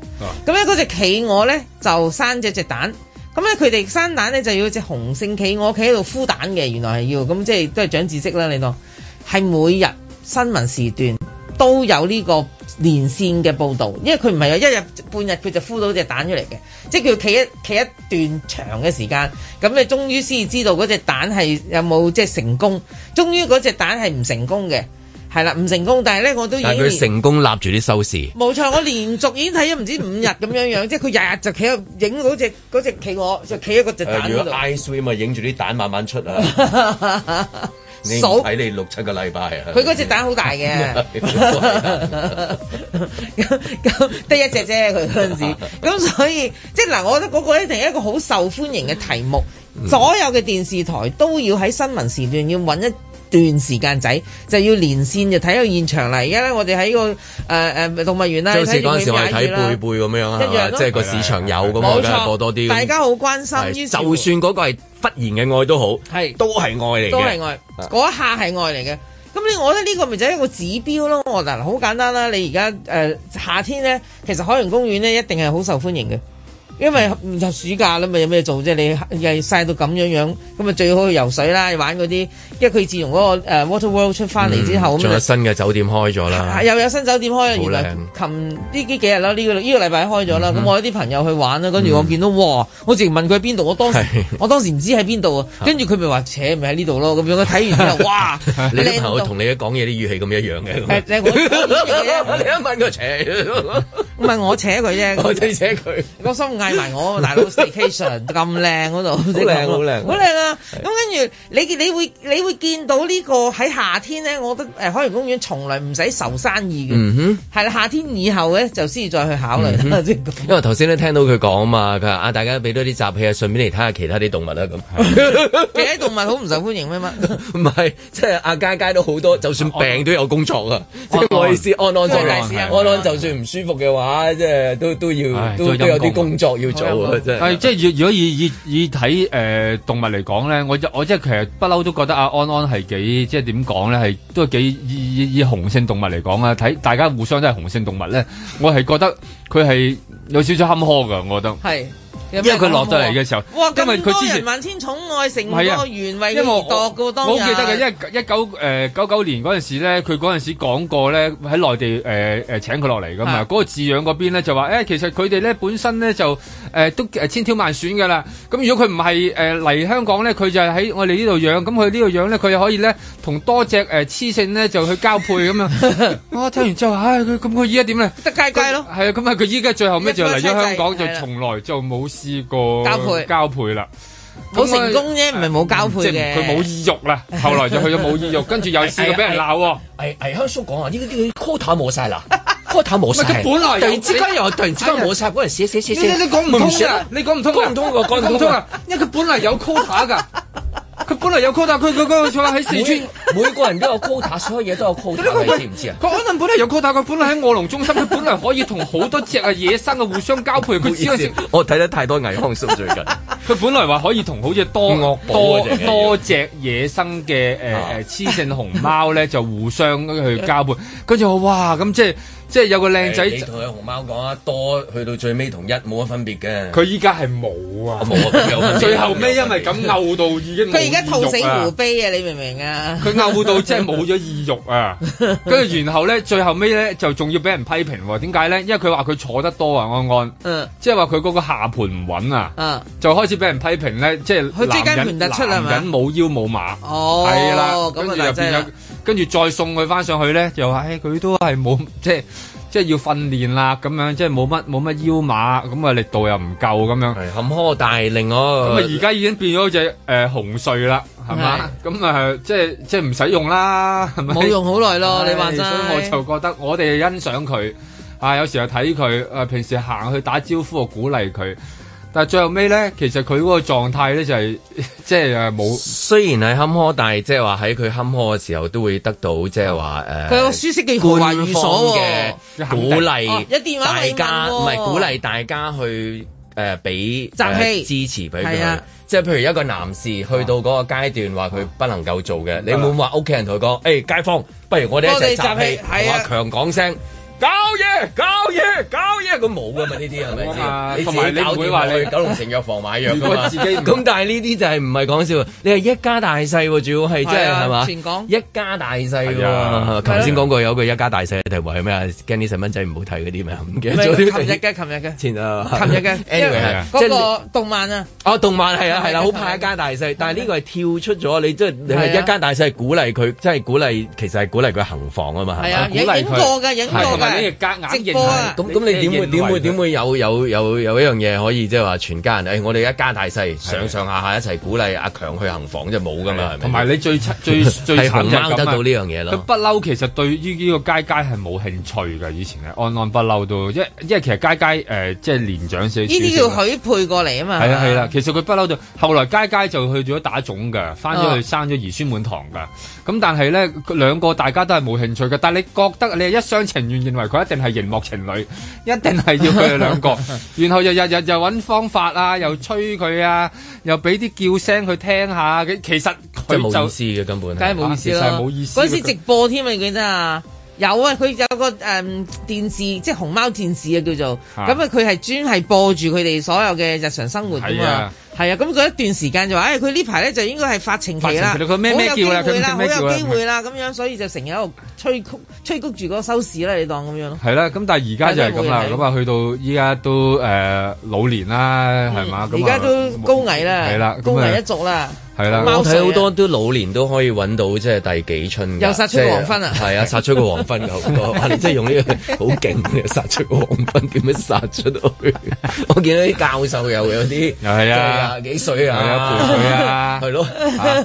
咁咧嗰隻企鵝咧就生咗隻蛋，咁咧佢哋生蛋咧就要隻雄性企鵝企喺度孵蛋嘅，原來係要，咁即係都係長知識啦你當。係每日新聞時段都有呢個。連線嘅報導，因為佢唔係有一日半日佢就孵到隻蛋出嚟嘅，即係佢企一企一段長嘅時間，咁你終於先知道嗰隻蛋係有冇即係成功。終於嗰隻蛋係唔成功嘅，係啦，唔成功。但係咧我都已經，但佢成功立住啲收視。冇錯，我連續已經睇咗唔止五日咁樣樣， <laughs> 即係佢日日就企喺影嗰隻嗰隻企鵝，就企喺嗰隻蛋嗰度，呃。用啊影住啲蛋慢慢出啊。 <laughs> 睇你六七個禮拜啊！佢嗰隻蛋好大嘅，咁得一隻啫。佢嗰陣時，咁所以即係嗱，我覺得嗰個一定係一個好受歡迎嘅題目，所有嘅電視台都要喺新聞時段要搵一段時間仔，就要連線就睇到現場啦。而家咧，我哋喺個誒誒、呃、動物園啦，就是貝貝嗯、是是即係嗰陣時我哋睇貝貝咁樣啊，即係個市場有噶嘛，嗯、大家播多啲，大家好關心。就算嗰個係。忽然嘅愛都好，係是都係愛嚟嘅，嗰、啊、一下係愛嚟嘅。咁你我覺得呢個咪就係一個指標咯。我覺得好簡單啦、啊。你而家誒夏天咧，其實海洋公園咧一定係好受歡迎嘅。因為就暑假啦，咪有咩做啫？你又係曬到咁樣樣，咁咪最好去游水啦，玩嗰啲。因為佢自從嗰個 Water World 出翻嚟之後，咁就新嘅酒店開咗啦。又有新酒店開，原來琴呢幾幾日啦？呢個呢個禮拜開咗啦。咁我有啲朋友去玩啦，跟住我見到，哇，我直情問佢喺邊度，我當時我當時唔知喺邊度啊。跟住佢咪話，扯咪喺呢度咯。咁樣睇完之後，哇！你朋友同你講嘢啲語氣咁一樣嘅。你一問佢扯。唔係我扯佢啫，我扯扯佢。個心嗌埋我，大佬 staycation 咁靚嗰度，好靚好靚，好靚啊！咁跟住你，你會你會見到呢個喺夏天咧，我覺得誒海洋公園從來唔使受生意嘅，係啦。夏天以後咧，就先至再去考慮。因為頭先都聽到佢講啊嘛，佢話啊大家俾多啲集氣啊，順便嚟睇下其他啲動物啦。咁。其他動物好唔受歡迎咩嘛？唔係，即係阿佳佳都好多，就算病都有工作啊！即係我意思，安安即係安安就算唔舒服嘅話。啊，即係都都要，唉都有啲工作要做啊！真係，即係如果以 <laughs> 以以睇誒、呃、動物嚟講咧，我我即係其實不嬲都覺得阿安安係幾即係點講咧，係都係幾以以雄性動物嚟講啊！睇大家互相都係雄性動物咧， <laughs> 我係覺得佢係有少少坎坷㗎，我覺得。係。因為佢落咗嚟嘅時候，哇！咁多人萬千寵愛成個果園為佢而踱噶，當日我好記得嘅。因為一九誒九九年嗰陣時咧，佢嗰陣時講過咧，喺內地誒誒、呃、請佢落嚟噶嘛。嗰是的 個飼養嗰邊咧就話誒、欸，其實佢哋咧本身咧就誒、呃、都千挑萬選噶啦。咁如果佢唔係誒嚟香港咧，佢就喺我哋呢度養。咁佢呢度養咧，佢可以咧同多隻誒雌性咧就去交配咁 <laughs> 樣。我、啊、聽完之後，唉，佢咁佢依家點咧？得雞雞咯。係啊，咁啊，佢依家最後咧就嚟咗香港，階階就從來就冇。試過交配，交配啦，冇成功啫，唔係冇交配嘅，佢冇意欲啦，後來就去咗冇意欲，跟住又試過，俾人鬧。誒誒，香叔講啊，呢啲呢個 quota 冇晒啦，quota 冇晒。佢本來突然之間又突然之間冇晒，嗰陣寫寫寫寫，你講唔通啊？你講唔通，講唔通，講唔通啊！因為佢本來有 quota 噶。佢本嚟有高塔，佢佢佢坐喺四川，每個人都有高塔，所有嘢都有高塔，你知唔知啊？佢可能本嚟有高塔，佢本嚟喺臥龍中心，佢本嚟可以同好多隻啊野生嘅互相交配，佢只我睇得太多危康數最近，佢本嚟話可以同好似多、嗯、多多，多隻野生嘅誒誒雌性熊貓咧就互相去交配，佢就、嗯、我哇咁即係。即係有個靚仔，欸、你同阿熊貓講得多去到最尾同一冇乜分別嘅。佢依家係冇啊， <laughs> 最後尾因為咁嬲到已經、啊，佢而家兔死狐悲啊！你明唔明啊？佢嬲到即係冇咗意欲啊！跟住 <laughs> 然後咧，最後尾咧就仲要俾人批評喎、啊？點解咧？因為佢話佢坐得多啊，安安。嗯。即係話佢嗰個下盤唔穩啊。嗯、就開始俾人批評咧，即係男人出男人冇腰冇馬。哦。係啦，咁啊，又跟住再送佢翻上去咧，就話：誒、欸、佢都係冇，即係即係要訓練啦，咁樣即係冇乜冇乜腰馬，咁啊力度又唔夠咁樣。係冚磕大令咯。咁啊而家已經變咗隻誒紅穗啦，係嘛？咁啊是即係即係唔使用啦，係咪？冇用好耐咯，是你話真係，所以我就覺得我哋欣賞佢，啊有時又睇佢，誒平時行去打招呼啊，鼓勵佢。但係最後尾咧，其實佢嗰個狀態咧就係、是、即係冇，雖然係坎坷，但係即係話喺佢坎坷嘅時候都會得到即係、嗯呃、話誒，佢個舒適嘅關懷與所嘅鼓勵，大家唔係鼓勵大家去誒俾、呃氣呃、支持俾佢，啊、即係譬如一個男士去到嗰個階段話佢不能夠做嘅，啊、你冇話屋企人同佢講，誒、hey, 街坊不如我哋一齊扎氣，同阿強講聲。搞嘢，搞嘢，搞嘢，佢冇噶嘛？呢啲係咪你唔會話你去九龍城藥房買藥㗎嘛？自己。咁但係呢啲就係唔係講笑，你係一家大細喎，主要係即係係嘛？前講一家大細喎。頭先講過有個一家大細嘅題目係咩啊？驚啲細蚊仔唔好睇嗰啲咩？唔記得咗啲。前日嘅，前日嘅，琴日嘅，即係嗰個動漫啊。哦，動漫係啊係啦，好怕一家大細，但係呢個係跳出咗你，即係你係一家大細，鼓勵佢，即係鼓勵，其實係鼓勵佢行房啊嘛，係啊，鼓勵佢。演格硬型咁，咁你點會點會點會有有有有一樣嘢可以即係話全家人？誒，我哋一家大細上上下下一齊鼓勵阿強去行房，就冇㗎嘛，係同埋你最出最最慘得到呢樣嘢咯？佢不嬲，其實對於呢個佳佳係冇興趣㗎。以前係安安不嬲都，即係即其實佳佳，誒，即係年長些。呢啲叫許配過嚟啊嘛。係啊係啦，其實佢不嬲到，後來佳佳就去咗打種㗎，翻咗去生咗兒孫滿堂㗎。咁但係咧兩個大家都係冇興趣㗎。但係你覺得你係一廂情願。佢一定係熒幕情侶，一定係要佢哋兩個， <laughs> 然後又日日又揾方法啊，又吹佢啊，又俾啲叫聲佢聽下。其實佢冇意思嘅根本，梗係冇意思咯。嗰陣時、啊、直播添啊，你記得啊？有啊，佢有個誒電視，即係熊貓電視啊，叫做咁啊，佢係專係播住佢哋所有嘅日常生活啊嘛，係啊，咁嗰一段時間就話，唉，佢呢排咧就應該係發情期啦，佢咩機會啦，好有機會啦，咁樣所以就成日喺度催谷，催谷住個收視啦，你當咁樣咯。係啦，咁但係而家就係咁啦，咁啊去到依家都誒老年啦，係嘛？而家都高危啦，係啦，高危一族啦。係啦，貓啊，我睇好多都老年都可以揾到即係第幾春嘅，即係殺出個黃昏啊！係啊，殺出個黃昏嘅好多，即係用呢個好勁嘅殺出個黃昏，點樣、 <laughs> 這個、殺出去？出 <laughs> 我見到啲教授又有啲、啊、幾歲啊？又有陪佢啊？係、啊、 <laughs> 咯，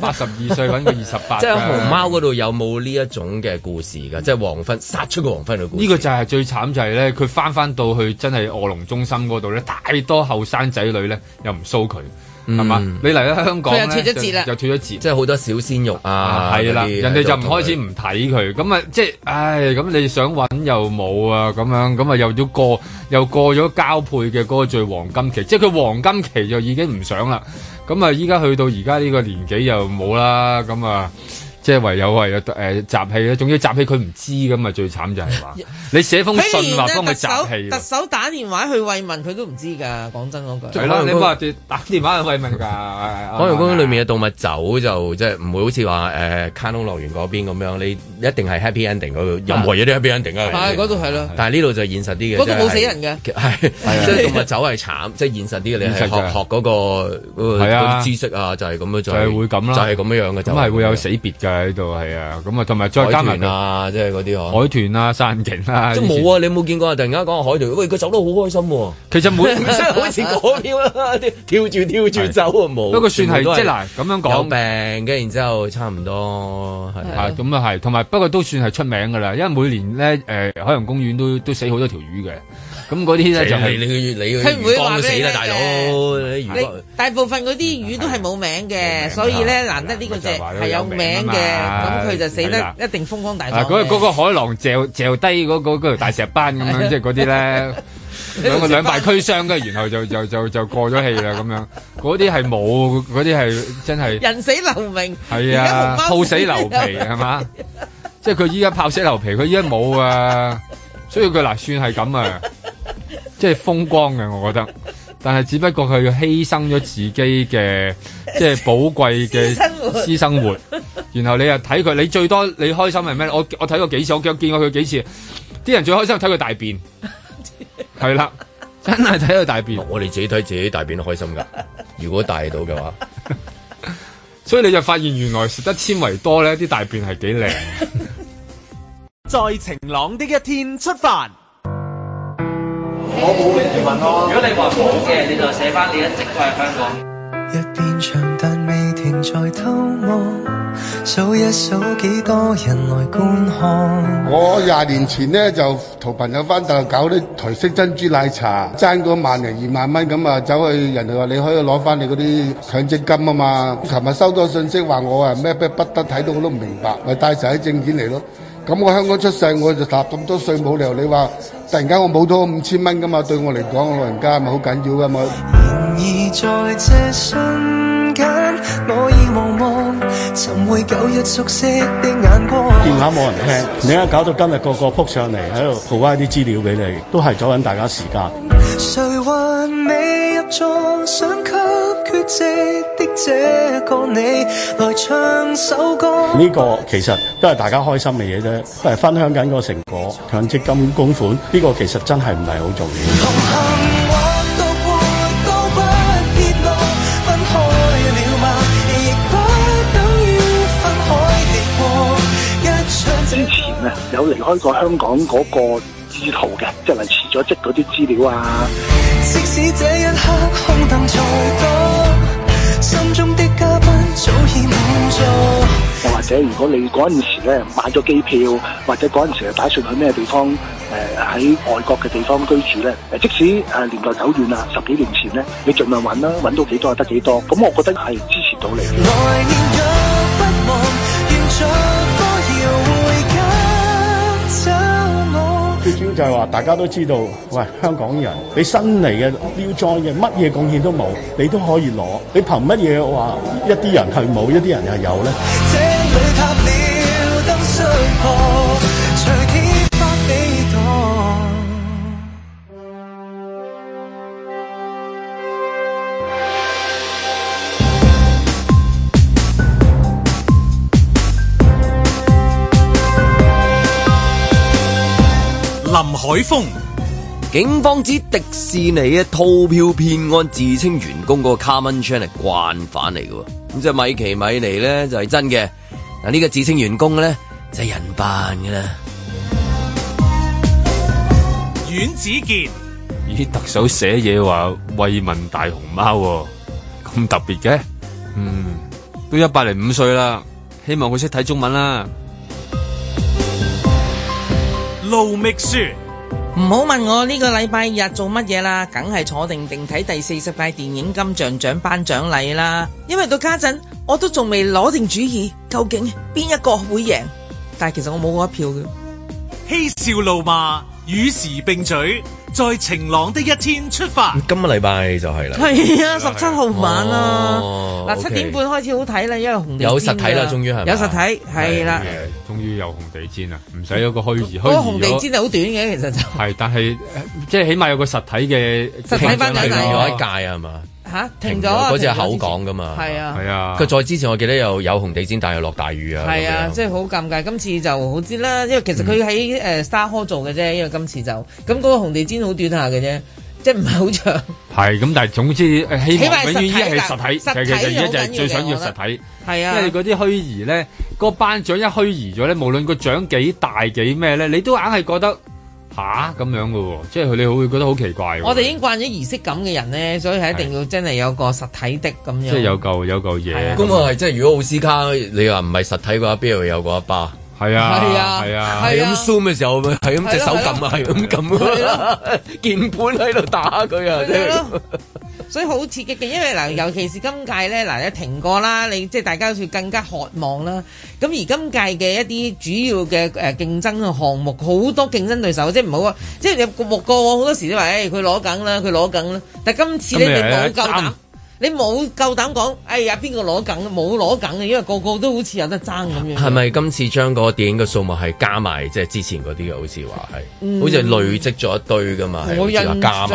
八十二歲揾個二十八。即係熊貓嗰度有冇呢一種嘅故事㗎？ <laughs> 即係黃昏殺出個黃昏嘅故事。呢個就係最慘就係咧，佢翻翻到去真係臥龍中心嗰度咧，太多後生仔女咧又唔蘇佢。係嘛？ <noise> <music> 你嚟咗香港又脱咗節啦，又脱咗節，即係好多小鮮肉啊，係啦，啊、人哋就唔開始唔睇佢，咁啊，即係，唉，咁你想揾又冇啊，咁樣，咁啊，又要過，又過咗交配嘅嗰個最黃金期，即係佢黃金期就已經唔想啦，咁啊，依家去到而家呢個年紀又冇啦，咁啊。嗯即係唯有係誒集氣啦，仲要集氣佢唔知咁啊，最慘就係話你寫封信話幫佢集氣。特首打電話去慰問佢都唔知㗎，講真嗰句。係咯，你唔係打電話去慰問㗎。海洋公園裡面嘅動物走就即係唔會好似話誒卡通樂園嗰邊咁樣，你一定係 happy ending 嗰度，任何嘢都 happy ending 噶。係嗰度係咯，但係呢度就現實啲嘅。嗰度冇死人嘅。係即係動物走係慘，即係現實啲嘅你係學學嗰個知識啊，就係咁樣就係會咁就係咁樣樣嘅，咁係會有死別㗎。喺度係啊，咁啊，同埋再加埋啊，即係嗰啲海豚啦、山景啦，都冇啊！你冇見過突然間講海豚，喂，佢走得好開心喎、啊。其實每即好似嗰邊啦，跳住跳住走啊，冇是。有不過算係即係嗱咁樣講，有病，嘅，然後之後差唔多係，咁啊係，同埋、啊啊就是、不過都算係出名㗎喇，因為每年咧誒、呃、海洋公園都都死好多條魚嘅。咁嗰啲咧就係你個，你個魚缸都死得大佬。大部分嗰啲魚都係冇名嘅，所以咧難得呢個只係有名嘅，咁佢就死得一定風光大。嗰個嗰個海浪掟掟低嗰個嗰條大石斑咁樣，即係嗰啲咧兩個兩敗俱傷嘅，然後就就就就過咗氣啦咁樣。嗰啲係冇，嗰啲係真係人死留名，係啊，炮死留皮係嘛？即係佢依家炮死留皮，佢依家冇啊，所以佢嗱算係咁啊。即係風光嘅，我覺得，但係只不過佢犧牲咗自己嘅即係寶貴嘅私生活。然後你又睇佢，你最多你開心係咩？我我睇過幾次，我見見過佢幾次。啲人最開心睇佢大便，係啦， <laughs> 真係睇佢大便。 <laughs> 我哋自己睇自己大便都開心噶，如果大到嘅話。 <laughs> <laughs> 所以你就發現，原來食得纖維多咧，啲大便係幾靚。再 <laughs> 晴朗啲嘅天出發。我冇你哋問我。如果你話冇嘅，你就寫翻你一直都喺香港。一邊長，但未停在偷望。數一數幾多人來觀看。我廿年前呢，就同朋友翻大陸搞啲台式珍珠奶茶，爭個萬零二萬蚊咁啊，走去人哋話你可以攞翻你嗰啲強積金啊嘛。琴日收到信息話我啊咩咩不得，睇到我都唔明白，咪帶晒啲證件嚟咯。咁我香港出世，我就納咁多稅務，冇理由你又你話？突然間我冇咗五千蚊㗎嘛，對我嚟講，我老人家係咪好緊要㗎嘛。 <music> 九日熟悉的眼光，電話冇人聽，你而家搞到今日個個撲上嚟喺度鋪開啲資料俾你，都係阻緊大家時間。誰還未入座，想給缺席的這個你來唱首歌？呢個其實都係大家開心嘅嘢啫，係分享緊個成果，強積金供款呢個其實真係唔係好重要。有離開過香港嗰個意圖嘅，即係嚟辭咗職嗰啲資料啊。即使這一刻空凳再多，心中的嘉賓早已滿座。又或者如果你嗰陣時咧買咗機票，或者嗰陣時打算去咩地方？誒、呃、喺外國嘅地方居住咧，即使誒年代久遠啦，十幾年前咧，你儘量揾啦，揾到幾多就得幾多。咁我覺得係支持到你。來年就係話大家都知道，喂，香港人，你新嚟嘅，要裝嘅，乜嘢貢獻都冇，你都可以攞，你憑乜嘢話一啲人係冇，一啲人係有咧？林海峰，警方指迪士尼嘅套票騙案自稱員工嗰個 commenter 係慣犯嚟嘅，咁即係米奇米妮咧就係、是、真嘅，嗱呢個自稱員工咧就係、是、人扮嘅啦。阮子健，咦特首寫嘢話慰問大熊貓，咁特別嘅，嗯，都一百零五歲啦，希望佢識睇中文啦。杜秘書，唔好問我呢個禮拜日做乜嘢啦，梗係坐定定睇第四十屆電影金像獎頒獎禮啦。因為到家陣我都仲未攞定主意，究竟邊一個會贏，但係其實我冇嗰一票嘅。嬉笑怒罵，與時並舉。在晴朗的一天出發，今個禮拜就係啦。係 <laughs> 啊，十七號晚啊，嗱、哦，哦 okay、七點半開始好睇啦，因為紅有實體啦，終於係。有實體係啦，終於有紅地氈啊！唔使有個虛擬。嗰個、嗯、紅地氈係好短嘅，其實就係、係， <laughs> 但係即係起碼有個實體嘅。實體翻嚟嗰一屆係嘛？吓、啊、停咗嗰隻口講㗎嘛？係啊係啊！佢再、啊、之前我記得又有，有紅地氈，但係又落大雨啊！係啊，即係好尷尬。今次就好知啦，因為其實佢喺誒沙灘做嘅啫。因為今次就咁嗰、那個紅地氈好短下嘅啫，即係唔係好長？係咁，但係總之希望永遠一係實體，其實，實而家就係最想要實體。係啊，因為嗰啲虛擬咧，個頒獎一虛擬咗咧，無論個獎幾大幾咩咧，你都硬係覺得。吓，咁樣嘅喎，即係你會覺得好奇怪。我哋已經慣咗儀式感嘅人咧，所以係一定要真係有個實體的咁樣。即係有嚿有嚿嘢。咁啊係，即係如果奧斯卡你話唔係實體嘅話，邊度有個阿爸？係啊，係啊，係啊。係咁 zoom 嘅時候，係咁隻手撳啊，係咁撳啊，鍵盤喺度打佢啊，真係。所以好刺激嘅，因為嗱，尤其是今屆咧嗱、呃，你停過啦，你即係大家好似更加渴望啦。咁而今屆嘅一啲主要嘅誒、呃、競爭嘅項目，好多競爭對手，即係唔好話，即係入目過，我好多時都話，誒佢攞緊啦，佢攞緊啦。但係今，今次你哋冇夠膽。你冇夠膽講，哎呀，邊個攞緊？冇攞緊嘅，因為個個都好似有得爭咁樣。係咪今次將嗰個電影嘅數目係加埋，即係之前嗰啲嘅？好似話係，好似係累積咗一堆噶嘛？我印象，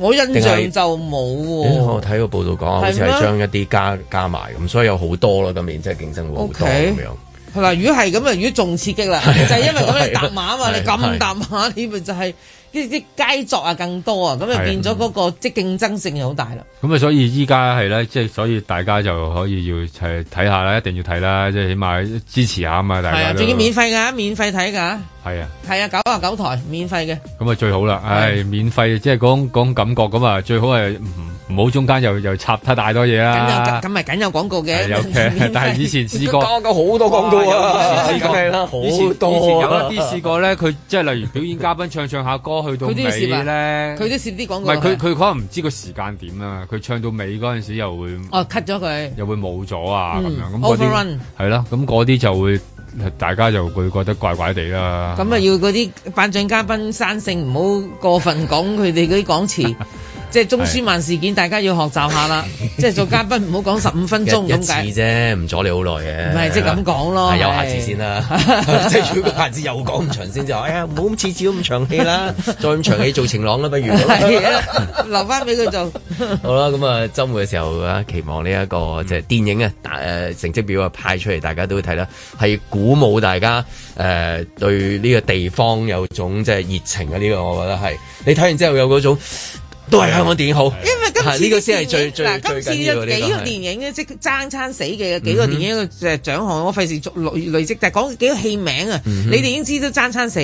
我印象就冇。我睇個報道講，好似係將一啲加加埋咁，所以有好多咯，今年即係競爭會好多咁樣。係啦，如果係咁啊，如果仲刺激啦，就係因為咁你搭馬啊嘛，你咁搭馬，你咪就係。啲啲佳作啊，更多啊，咁就變咗嗰個即係競爭性又好大啦。咁啊，嗯、所以依家係咧，即係所以大家就可以要係睇下啦，一定要睇啦，即係起碼支持下啊嘛，大家都。仲要、啊、免費㗎，免費睇㗎。係啊，係啊，九啊九台免費嘅，咁啊最好啦，唉，免費即係講講感覺咁啊，最好係唔好中間又又插太多嘢啊。咁有咁咪梗有廣告嘅，但係以前試過好多廣告啊，以前有啲試過咧，佢即係例如表演嘉賓唱唱下歌去到尾咧，佢都涉啲廣告。唔係佢佢可能唔知個時間點啊，佢唱到尾嗰陣時又會 cut 咗佢，又會冇咗啊咁樣，咁嗰啲係啦，咁啲就會。大家就會覺得怪怪地啦。咁啊，要嗰啲頒獎嘉賓生性唔好過分講佢哋嗰啲講詞。即係中思曼事件，大家要學習下啦。即係做嘉賓唔好講十五分鐘咁計。一次啫，唔阻你好耐嘅。唔係即係咁講咯。有下次先啦。即係如果下次又講唔長先就話，哎呀，唔好咁次次都咁長氣啦。再咁長氣做晴朗啦，不如，留翻俾佢做。好啦，咁啊，周末嘅時候啊，期望呢一個即係電影啊，誒成績表啊派出嚟，大家都會睇啦。係鼓舞大家誒對呢個地方有種即係熱情啊！呢個我覺得係。你睇完之後有嗰種。都係香港電影好，因為今次呢、啊這個先係最最嗱，今次有幾個電影咧，是即爭餐死嘅幾個電影嘅誒獎項，嗯、哼我費事逐累累積，但係講幾個戲名啊，嗯、哼你哋已經知道都爭餐死。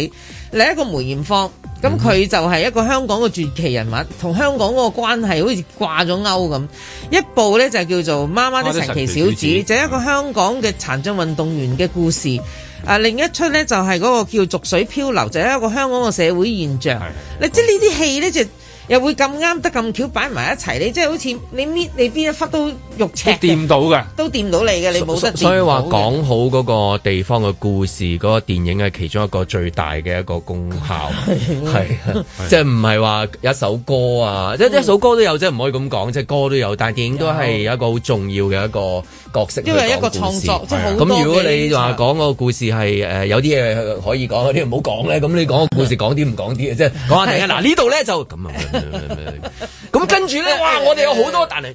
另一個梅艷芳，咁佢就係一個香港嘅傳奇人物，同香港嗰個關係好似掛咗鈎咁。一部呢，就是、叫做《媽媽的神奇小子》，就是、一個香港嘅殘障運動員嘅故事。啊，另一出呢，就係、是、嗰個叫《濁水漂流》，就是、一個香港嘅社會現象。嗯、你即呢啲戲呢，就。又會咁啱得咁巧擺埋一齊，你即係好似你搣你邊一忽都肉赤嘅，都掂到嘅，都掂到你嘅，你冇得掂。所以話講好嗰個地方嘅故事，嗰個電影係其中一個最大嘅一個功效，係啊，即係唔係話一首歌啊，即係一首歌都有，即係唔可以咁講，即係歌都有，但係電影都係有一個好重要嘅一個角色。因為一個創作，即係好多嘅。咁如果你話講個故事係誒有啲嘢可以講，有啲唔好講咧，咁你講個故事講啲唔講啲啊？即係講下嘅嗱，呢度咧就咁啊。咁跟住咧，哇！我哋有好多，但係。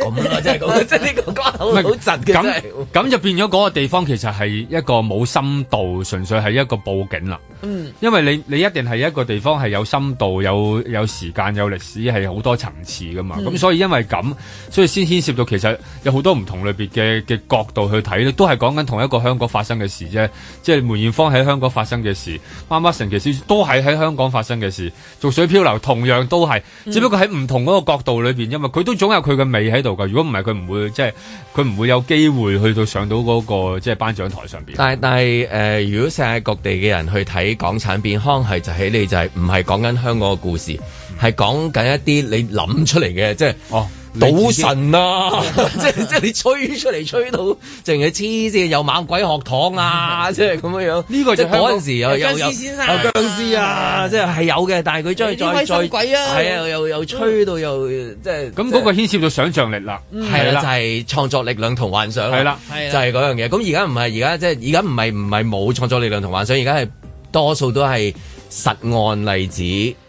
咁啊，真係咁， <laughs> 即係呢個關口好窒嘅，真咁咁就變咗嗰個地方，其實係一個冇深度，純 <laughs> 粹係一個佈景啦。嗯，因為你你一定係一個地方係有深度、有有時間、有歷史，係好多層次噶嘛。咁、嗯、所以因為咁，所以先牽涉到其實有好多唔同類別嘅嘅角度去睇咧，都係講緊同一個香港發生嘅事啫。即係梅艷芳喺香港發生嘅事，媽媽的神奇小子都係喺香港發生嘅事，濁水漂流同樣都係，只不過喺唔同嗰個角度裏邊，因為佢都總有佢嘅味喺度。如果唔係佢唔會即係佢唔會有機會去到上到嗰個即係頒獎台上邊。但係但係誒，如果世界各地嘅人去睇《港產變康》，係就喺呢，就係唔係講緊香港嘅故事，係講緊一啲你諗出嚟嘅，即係哦。賭神啊 <laughs> 即，即係即係你吹出嚟吹到，淨係黐線有猛鬼學堂啊，即係咁樣樣。呢個就嗰陣時有有殭屍啊，啊，是啊即係係有嘅，但係佢再再再，係啊又又，又吹到又，嗯、即係是。咁嗰個牽涉到想象力啦，係啦就係、是、創作力量同幻想係啦，就係、是、嗰樣嘢。咁而家唔係而家即係而家唔係唔係冇創作力量同幻想，而家係多數都係實案例子。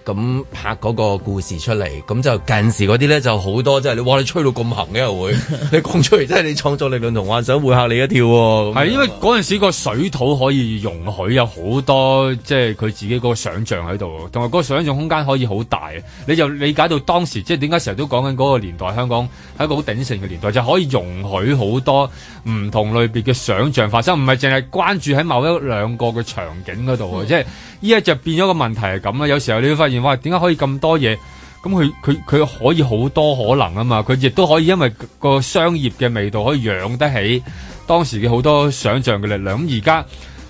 咁拍嗰個故事出嚟，咁就近時嗰啲咧就好多，即係你哇你吹到咁行嘅又會， <laughs> 你講出嚟即係你創作力量同幻想會吓你一跳喎。哦。係因為嗰陣時個水土可以容許有好多，即係佢自己嗰個想象喺度，同埋嗰個想象空間可以好大。你就理解到當時即係點解成日都講緊嗰個年代，香港係一個好鼎盛嘅年代，就可以容許好多唔同類別嘅想象發生，唔係淨係關注喺某一兩個嘅場景嗰度，即係。嗯依家就變咗個問題係咁啦，有時候你會發現哇，點解可以咁多嘢？咁佢佢佢可以好多可能啊嘛，佢亦都可以因為個商業嘅味道可以養得起當時嘅好多想像嘅力量。咁而家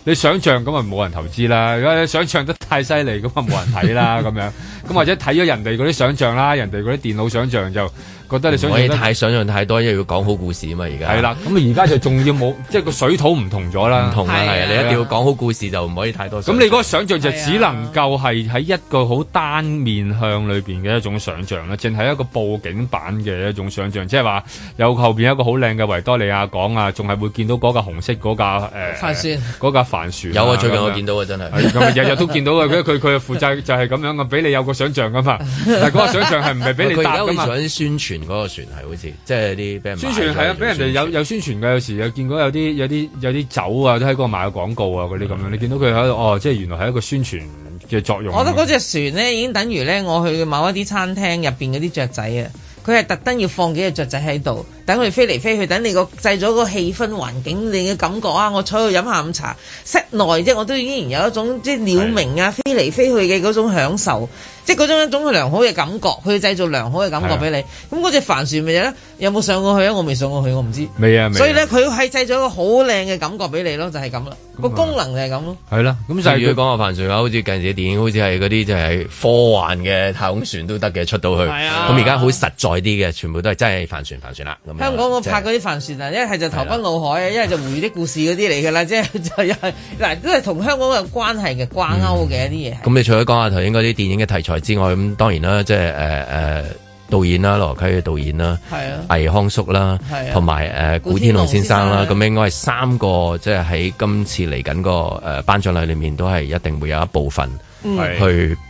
你想像咁咪冇人投資啦，如果你想像得太犀利咁咪冇人睇啦咁樣。咁或者睇咗人哋嗰啲想像啦，人哋嗰啲電腦想像就。唔可以太想象太多，因為要講好故事啊嘛！而家係啦，咁而家就仲要冇，即係個水土唔同咗啦。唔同啊，係你一定要講好故事，就唔可以太多。咁你嗰個想象就只能夠係喺一個好單面向裏邊嘅一種想象啦，淨係一個布景版嘅一種想象，即係話有後邊一個好靚嘅維多利亞港啊，仲係會見到嗰架紅色嗰架誒，帆船嗰架帆船有啊！最近我見到啊，真係日日都見到嘅。佢佢佢負責就係咁樣啊，俾你有個想象啊嘛。但係嗰個想象係唔係俾你搭噶嘛？佢而家會想宣傳。嗰個船係好似即係啲，宣傳係啊，俾人哋有有宣傳㗎。有時有見過有啲有啲有啲酒啊，都喺嗰度賣個買廣告啊，嗰啲咁樣。的你見到佢喺度哦，即係原來係一個宣傳嘅作用。我覺得嗰隻船咧，已經等於咧，我去某一啲餐廳入邊嗰啲雀仔啊，佢係特登要放幾隻雀仔喺度，等佢哋飛嚟飛去，等你個製咗個氣氛環境，你嘅感覺啊，我坐喺度飲下午茶，室內啫，我都依然有一種即係鳥鳴啊，飛嚟飛去嘅嗰種享受。即係嗰種一種良好嘅感覺，佢製造良好嘅感覺俾你。咁嗰隻帆船咪又咧？有冇上過去啊？我未上過去，我唔知。未啊，所以咧，佢係製造一個好靚嘅感覺俾你咯，就係咁啦。個功能就係咁咯。係啦，咁就如果講下帆船啦，好似近時啲電影，好似係嗰啲就係科幻嘅太空船都得嘅，出到去。咁而家好實在啲嘅，全部都係真係帆船，帆船啦。香港我拍嗰啲帆船啊，一係就投奔怒海，一係就胡越故事嗰啲嚟嘅啦，即係就係嗱，都係同香港有關係嘅掛鈎嘅一啲嘢。咁你除咗講下頭先嗰啲電影嘅題材，之外咁，當然啦，即係誒誒導演啦，羅啟銳嘅導演啦，係是啊，魏康叔啦，係同埋誒古天農先生啦，咁應該係三個，即係喺今次嚟緊個誒頒獎禮裏面，都係一定會有一部分去。是啊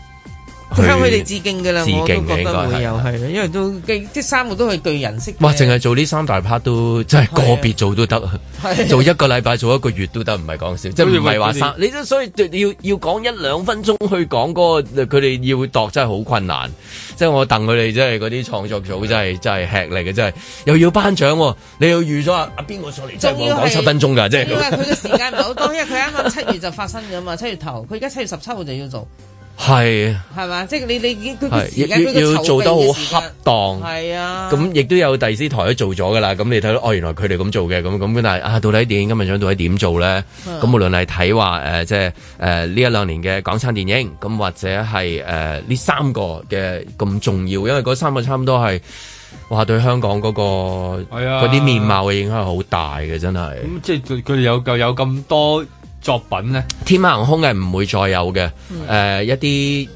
向佢哋致敬嘅啦，我覺得會又係，因為都即係三個都係對人識。哇！淨係做呢三大 part 都真係個別做都得，做一個禮拜做一個月都得，唔係講笑，即係唔係話三。你都所以要要講一兩分鐘去講嗰個佢哋要度真係好困難。即係我等佢哋，即係嗰啲創作組，真係真係吃力嘅，真係又要頒獎，你要預咗阿阿邊個上嚟，即係我講七分鐘㗎，即係佢。因為佢嘅時間唔係好多，因為佢啱啱七月就發生㗎嘛，七月頭，佢而家七月十七號就要做。係，係嘛？即係你你嗰啲時間，要要做得好恰當。係啊，咁亦都有第二啲台都做咗噶啦。咁你睇到哦，原來佢哋咁做嘅，咁咁。但係啊，到底電影今日想到底點做咧？咁無論係睇話誒，即係誒呢一兩年嘅港產電影，咁或者係誒呢三個嘅咁重要，因為嗰三個差唔多係話對香港嗰個嗰啲面貌嘅影響係好大嘅，真係。咁即係佢哋有又有咁多。作品咧，《天馬行空》係唔會再有嘅，誒、嗯呃，一啲。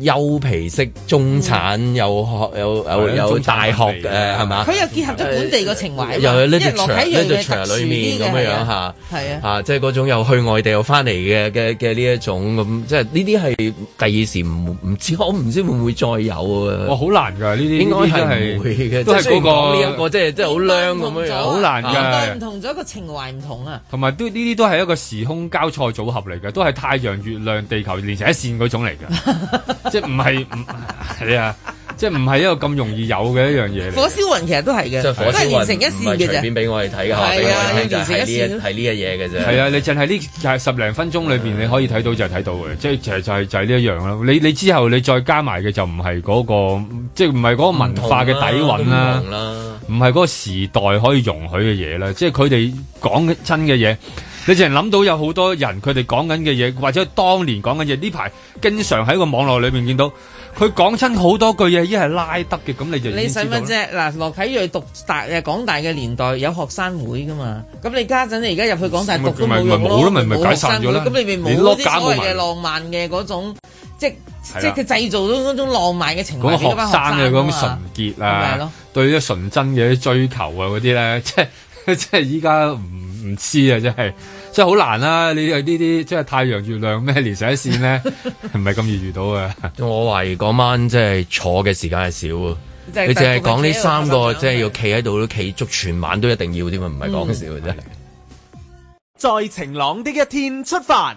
優皮式中產又學又又又大學嘅，係嘛？佢又結合咗本地個情懷，又為落喺樣嘢裏面咁樣樣嚇係啊嚇，即係嗰種又去外地又翻嚟嘅嘅嘅呢一種咁，即係呢啲係第二時唔唔知，我唔知會唔會再有啊？哇！好難㗎呢啲，應該係唔會嘅，都係嗰個呢一個即係即係好僆咁樣樣，好難㗎。唔同咗個情懷唔同啊，同埋都呢啲都係一個時空交錯組合嚟嘅，都係太陽、月亮、地球連成一線嗰種嚟㗎。 <laughs> <laughs> 即係唔係，係 <laughs> 啊！即係唔係一個咁容易有嘅一樣嘢。火燒雲其實都係嘅，即係連成一線嘅啫。隨便俾我哋睇下，係啊！連成一線係呢嘢嘅啫。係啊，你淨係呢十零分鐘裏邊你可以睇到就係睇到嘅。即係其實就係、是、就係呢一樣咯。你你之後你再加埋嘅就唔係嗰個，即係唔係嗰個文化嘅底蘊啦，唔係嗰個時代可以容許嘅嘢啦。即係佢哋講真嘅嘢。你淨係諗到有好多人佢哋講緊嘅嘢，或者係當年講緊嘢，呢排經常喺個網絡裏面見到佢講親好多句嘢，已經係拉得嘅，咁你就你想乜啫？嗱，羅啟銳讀大嘅廣大嘅年代有學生會噶嘛？咁你家陣你而家入去廣大讀都冇用咯，解散咗啦。咁你咪冇嗰啲所謂嘅浪漫嘅嗰種，即係即佢製造咗嗰種浪漫嘅情懷。咁學生嘅嗰啲純潔啊，嗯、對啲吧純真嘅追求啊嗰啲咧，即係即係依家唔唔知啊，真係。即係好難啦、啊,你有呢啲即係太陽、月亮咩連成一線咧，唔係咁易遇到嘅。 <laughs> 我懷疑嗰晚即係坐嘅時間係少，你淨係講呢三個，即係要企喺度都企足全晚都一定要添嘛，唔係講笑真係。在晴朗的一天出發。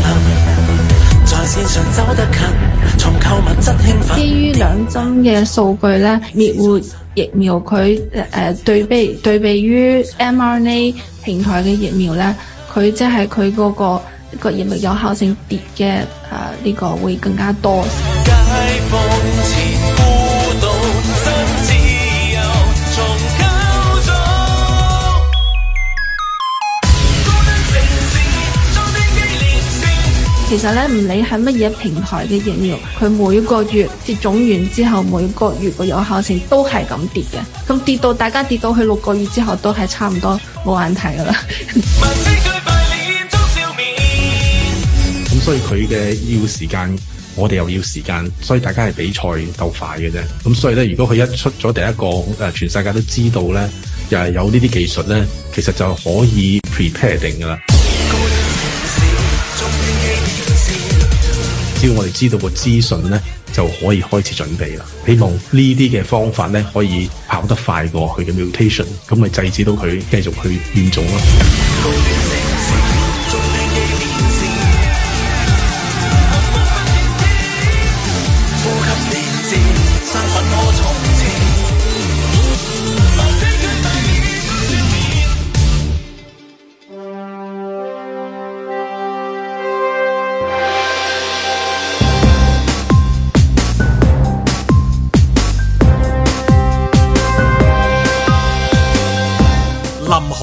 基於兩針嘅數據呢，滅活疫苗佢誒、呃、對比對比於 mRNA 平台嘅疫苗呢，佢即係佢嗰個、這個疫苗有效性跌嘅誒呢個會更加多。其實咧唔理係乜嘢平台嘅疫苗，佢每個月接種完之後，每個月個有效性都係咁跌嘅。咁跌到大家跌到去六個月之後，都係差唔多冇眼睇噶啦。咁 <laughs> 所以佢嘅要時間，我哋又要時間，所以大家係比賽鬥快嘅啫。咁所以咧，如果佢一出咗第一個誒，全世界都知道咧，又係有呢啲技術咧，其實就可以 prepare 定噶啦。只要我哋知道個資訊呢，就可以開始準備啦。希望呢啲嘅方法呢，可以跑得快過去嘅 mutation，咁咪制止到佢繼續去變種咯。 <noise>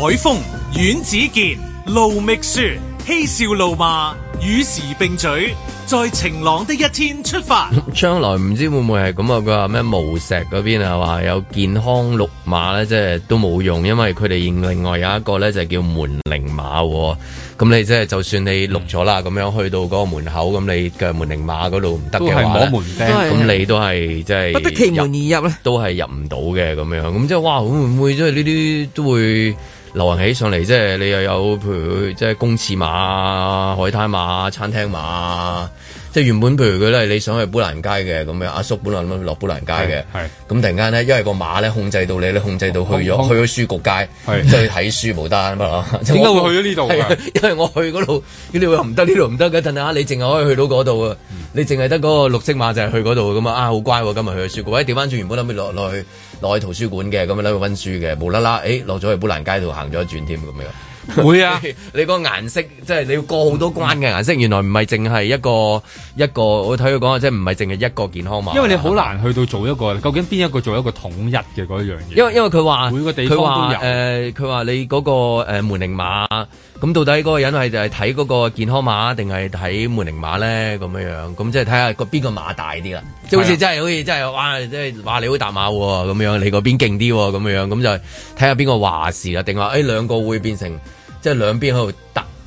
海風、阮子健、盧覓雪，嬉笑怒罵與時並舉，在晴朗的一天出發。將來唔知會唔會係咁啊？佢話咩無錫嗰邊係話有健康綠碼咧，即係都冇用，因為佢哋認另外有一個咧，就叫門鈴碼。咁你即係就算你錄咗啦，咁樣去到嗰個門口，咁你嘅門鈴碼嗰度唔得嘅話，都係摸門釘，咁嗎你都係即係的入不得其門而入咧，都係入唔到嘅咁樣。咁即係哇，會唔會即係呢啲都會？流行起上嚟，即係你又有，譬如即係公廁馬、海灘馬、餐廳馬，即係原本譬如佢都係你想去砵蘭街嘅咁樣，阿叔本來諗落砵蘭街嘅，咁突然間咧，因為個馬咧控制到你咧，控制到去咗去咗書局街，即去睇書冇單咁啊！點解會去咗呢度？因為我去嗰度，你話唔得，呢度唔得嘅。等等啊，你淨係可以去到嗰度啊，嗯、你淨係得嗰個綠色馬就係去嗰度咁啊！啊，好乖，今日去書局，喂，調翻轉，原本諗住落落去。落去圖書館嘅，咁樣喺度溫書嘅，無啦啦，誒落咗去寶蘭街度行咗一轉添咁樣。會啊！ <laughs> 你嗰個顏色，即係你要過好多關嘅顏色，原來唔係淨係一個一個。我睇佢講話，即係唔係淨係一個健康碼。因為你好難去到做一個，嗯、究竟邊一個做一個統一嘅嗰一樣嘢。因為因為佢話每個地方都有。誒佢話你嗰、那個誒、呃、門鈴碼。咁到底嗰個人係就係睇嗰個健康碼定係睇門檻碼呢？咁樣樣咁即係睇下邊個碼大啲啦。的即係好似真係好似真係，哇！哇即係話你好搭碼喎，咁樣你嗰邊勁啲喎，咁樣咁就睇下邊個話事啦，定話誒兩個會變成即係兩邊喺度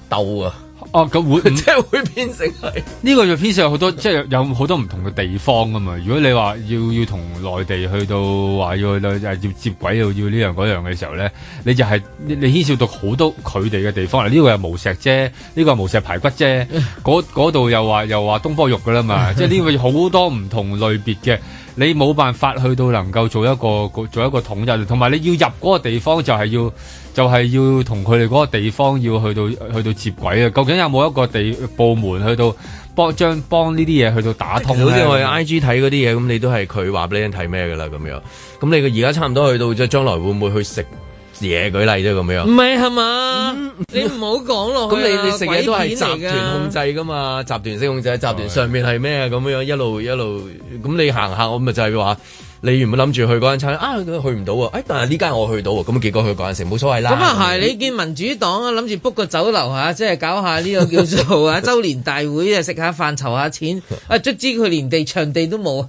鬥啊！哦，咁會、嗯、即係會變成係呢 <laughs> 個又牽涉有好多，即、就、係、是、有好多唔同嘅地方噶嘛。如果你話要要同內地去到話要去到要接軌又要呢樣嗰樣嘅時候咧，你就係、是、你，你牽涉到好多佢哋嘅地方啊！呢、這個又無錫啫，呢、這個無錫排骨啫，嗰度 <laughs> 又話又話東坡肉噶啦嘛， <laughs> 即係呢個好多唔同類別嘅。你冇辦法去到能夠做一個做一個統一，同埋你要入嗰個地方就係要就係要同佢哋嗰個地方要去到去到接軌啊！究竟有冇一個地部門去到幫將幫呢啲嘢去到打通？好似我喺 I G 睇嗰啲嘢，咁你都係佢話俾你睇咩㗎啦咁樣。咁你而家差唔多去到即係將來會唔會去食？嘢舉例啫咁、就是、樣，唔係係嘛？你唔好講落去。咁你哋食嘢都係集團控制噶嘛？ <laughs> 集團式控制，集團上面係咩啊？咁樣一路一路，咁你行下咁咪就係話，你原本諗住去嗰間餐廳啊，去唔到啊，誒、哎，但係呢間我去到喎，咁結果去嗰間餐廳冇所謂啦。咁啊係，你見民主黨啊諗住 book 個酒樓嚇，即、啊、係搞下呢個叫做啊週年大會 <laughs> 啊，食下飯籌下錢啊，卒之佢連地場地都冇。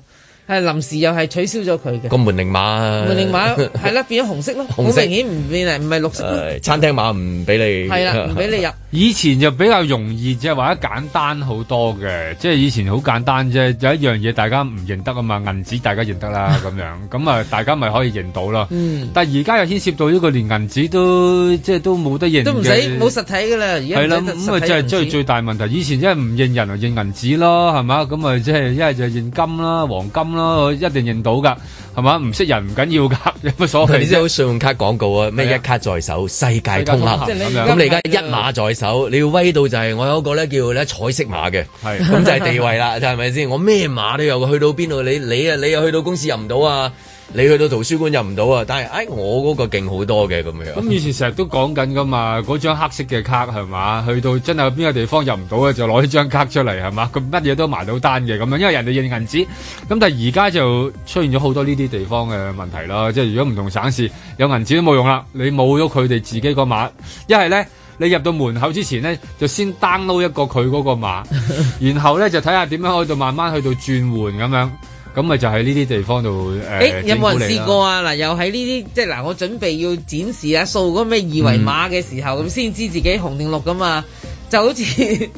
係臨時又係取消咗佢嘅個門鈴碼，門鈴碼係啦變咗紅色咯，好色明顯唔變嚟，唔係綠色、哎、餐廳碼唔俾你，係啦唔俾你入。 <laughs> 以前就比較容易，即係話得簡單好多嘅，即係以前好簡單啫。有一樣嘢大家唔認得啊嘛，銀紙大家認得啦，咁 <laughs> 樣咁啊，大家咪可以認到咯。 <laughs> 但係而家又牽涉到呢、這個連銀紙都即係都冇得認都，都唔使冇實體噶啦。係啦，咁啊即係即係最大問題。以前即係唔認人啊，認銀紙咯，係嘛咁啊，即係一係就認,就就是是認金啦，黃金啦。哦、一定認到噶，係嘛？唔識人唔緊要噶，有 <laughs> 乜所謂謂？你啲即係好似信用卡廣告啊，咩一卡在手，呀世界通行咁，你而家、就是、一碼在手，你要威到就係、是、我有一個咧叫咧彩色碼嘅，係咁是就係地位啦，就係咪先？我咩碼都有，去到邊度你你啊你又去到公司入唔到啊？你去到圖書館入唔到啊！但係誒、哎，我嗰個勁好多嘅咁這樣。咁以前成日都講緊㗎嘛，嗰張黑色嘅卡係嘛？去到真係邊個地方入唔到啊？就攞呢張卡出嚟係嘛？佢乜嘢都埋到單嘅咁樣，因為人哋印銀紙。咁但係而家就出現咗好多呢啲地方嘅問題啦，即係如果唔同省市有銀紙都冇用啦，你冇咗佢哋自己個碼。一係咧，你入到門口之前咧，就先 download 一個佢嗰個碼， <laughs> 然後咧就睇下點樣可以到慢慢去到轉換咁樣。咁咪就喺呢啲地方度誒、呃欸，有冇人試過啊？嗱、呃，又喺呢啲即係嗱、呃，我準備要展示啊掃嗰咩二維碼嘅時候，咁先、嗯、知自己紅定綠噶嘛，就好似。 <laughs>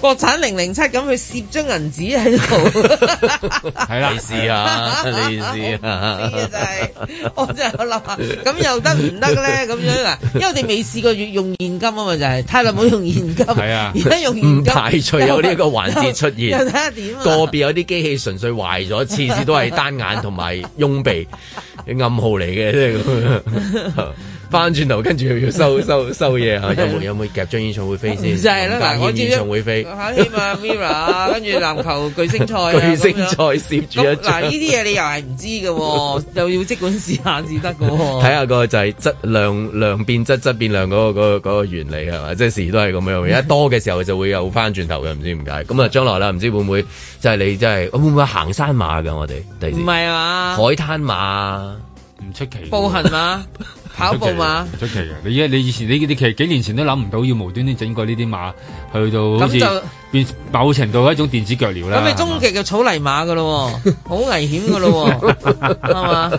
國產零零七咁去攝張銀紙喺度，係啦，你試下，你試啊！真係、就是，我真係諗下，咁又得唔得咧？咁樣啊，因為我哋未試過用現金啊嘛，就係太耐冇用現金，係啊，而家用現金唔排除有呢個環節出現，睇下點啊！個別有啲機器純粹壞咗，次次都係單眼同埋擁鼻 <laughs> 暗號嚟嘅。 <laughs> 翻轉頭，跟住又要收收收嘢啊！有冇有冇夾張演唱會飛先？唔使啦，嗱，我知啦。演唱會飛，跟住籃球巨星賽，巨星賽攝住一張。嗱，呢啲嘢你又係唔知嘅喎，又要即管試下至得嘅喎。睇下個就係質量量變質質變量嗰個原理係嘛？即時都係咁樣，一多嘅時候就會有翻轉頭嘅，唔知點解。咁啊，將來啦，唔知會唔會即係你真係會唔會行山馬嘅我哋？唔係啊嘛，海灘馬，唔出奇。步行馬。跑步馬出奇嘅，你依你以前你嗰啲，其實幾年前都諗唔到要無端端整過呢啲馬去到，咁就變某程度係一種電子腳鐐啦。咁你終極嘅草泥馬嘅咯，好危險嘅咯，係嘛？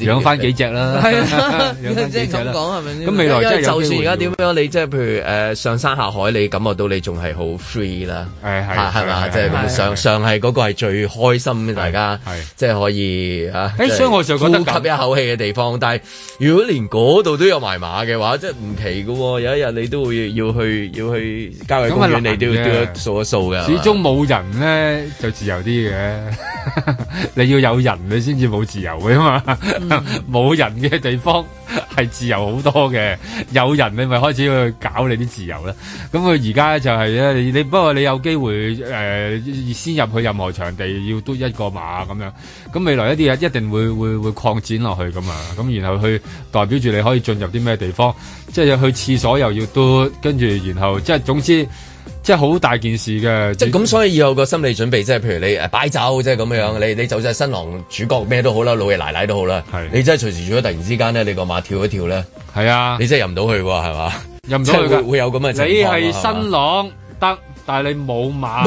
養翻幾隻啦，係啊，即係咁講係咪？咁未來就算而家點樣，你即係譬如誒上山下海，你感覺到你仲係好 free 啦，係係嘛？即係上上係嗰個係最開心嘅，大家即係可以嚇。誒，所以我就覺得吸一口氣嘅地方，但係.如果連嗰度都有埋馬嘅話，即係唔奇㗎。有一日你都會要去要去郊野公園，你都要都要數一數㗎。始終冇人咧就自由啲嘅。 <laughs> 你要有人你先至冇自由嘅嘛。冇、嗯、 <laughs> 人嘅的地方。 <laughs> 係自由好多嘅，有人你咪開始去搞你啲自由咧。咁佢而家就係、是、咧，你不過你有機會誒、呃、先入去任何場地要嘟一個碼咁樣。咁未來一啲嘢一定會會會擴展落去咁啊。咁然後去代表住你可以進入啲咩地方，即係去廁所又要嘟。跟住然後即係總之。即係好大件事嘅，咁，所以以後個心理準備，即係譬如你誒擺酒，即係咁樣，你你就就算係新郎主角咩都好啦，老爺奶奶都好啦，係的你真係隨時如果突然之間咧，你個馬跳一跳咧，係啊的，你真係入唔到去喎，係嘛？入唔到去噶， <laughs> 會有咁嘅情況。你係新郎得。吧但係你冇馬，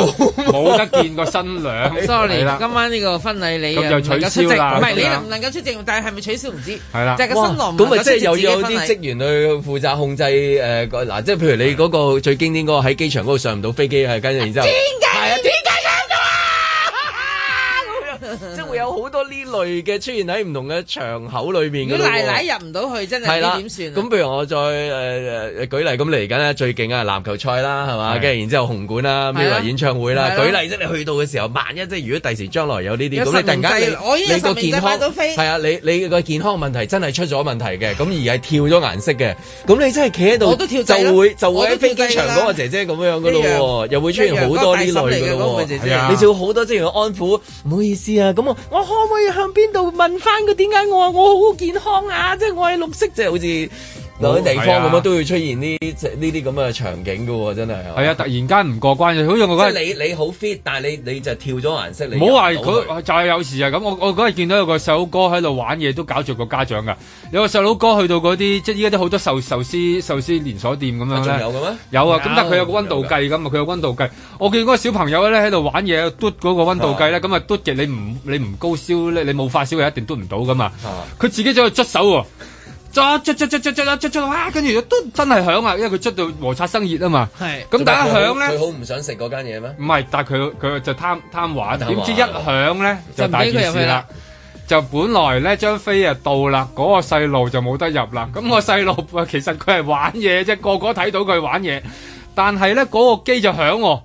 冇得見個新娘。Sorry，今晚呢個婚禮你咁就取消啦。唔係，你能唔能夠出席？但係係咪取消唔知。係啦。哇，咁咪即係又要啲職員去負責控制？誒，嗱，即係譬如你嗰個最經典嗰個喺機場嗰度上唔到飛機，係跟住然之後。驚驚驚驚驚咗啊！好多呢類嘅出現喺唔同嘅場口裏面嘅奶奶入唔到去真係，你點算？咁譬如我再誒誒舉例咁嚟緊最勁啊籃球賽啦，係嘛？跟住然之後紅館啦，咩啦演唱會啦，舉例即係你去到嘅時候，萬一即係如果第時將來有呢啲咁，你突然間你個健康係啊，你你個健康問題真係出咗問題嘅，咁而係跳咗顏色嘅，咁你真係企喺度，就會就會喺飛機場嗰個姐姐咁樣樣嘅咯喎，又會出現好多呢類嘅咯喎，你就好多即係去安撫，唔好意思啊，咁我。可唔可以向邊度問翻佢點解我話我好健康啊？即係我係綠色，即係好似。嗰啲地方咁樣都會出現呢啲呢啲咁嘅場景嘅喎，真係係啊！突然間唔過關，好似我覺得你你好 fit，但係你你就跳咗顏色，你唔好話佢就係有事啊！咁我我嗰日見到有個細佬哥喺度玩嘢，都搞住個家長㗎。有個細佬哥去到嗰啲即係依家都好多壽壽司壽司連鎖店咁樣咧，有啊！咁但佢有個温度計咁啊，佢有温度計。我見嗰個小朋友咧喺度玩嘢，嘟嗰個温度計咧，咁啊嘟嘅你唔你唔高燒咧，你冇發燒佢一定嘟唔到㗎嘛。佢自己走去捽手喎。捽捽捽捽捽啊捽捽，哇！跟住都真係響啊，因為佢出到摩擦生熱啊嘛。係，咁大家響咧，佢好唔想食嗰間嘢咩？唔係，但係佢佢就貪貪玩，點知一響咧就打咗佢入去啦。就本來咧張飛啊到啦，嗰個細路就冇得入啦。咁個細路啊，其實佢係玩嘢啫，個個睇到佢玩嘢，但係咧嗰個機就響喎，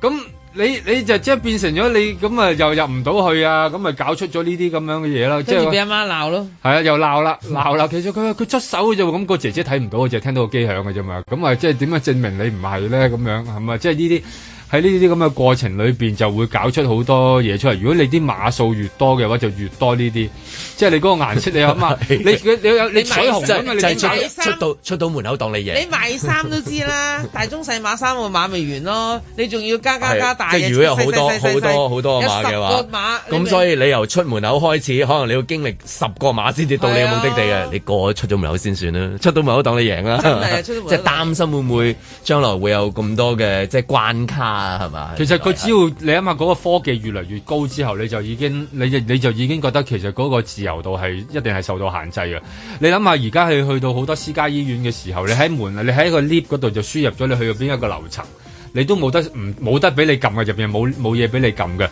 咁。你你就即係變成咗你咁啊、嗯，又入唔到去啊，咁咪搞出咗呢啲咁樣嘅嘢啦，跟住俾阿媽鬧咯。係啊，又鬧啦，鬧啦。其實佢佢出手嘅啫，咁個姐姐睇唔到，佢就聽到個機響嘅啫嘛。咁啊，即係點樣證明你唔係咧？咁樣係咪？即係呢啲。就是喺呢啲咁嘅過程裏邊就會搞出好多嘢出嚟。如果你啲碼數越多嘅話，就越多呢啲，即係你嗰個顏色你諗啊，你佢你你彩虹出到出到門口當你贏。你買衫都知啦，大中細碼三個碼未完咯，你仲要加加加大即係。如果有好多好多好多個碼嘅話，咁所以你由出門口開始，可能你要經歷十個碼先至到你嘅目的地嘅，你過出咗門口先算啦，出到門口當你贏啦，即係擔心會唔會將來會有咁多嘅即係關卡。啊，係嘛？其實佢只要你諗下嗰個科技越嚟越高之後，你就已經你就你就，你就已經覺得其實嗰個自由度係一定係受到限制嘅。你諗下而家去去到好多私家醫院嘅時候，你喺門啊，你喺個 lift 嗰度就輸入咗你去到邊一個樓層。你都冇得唔冇得俾你撳嘅，入邊冇冇嘢俾你撳嘅。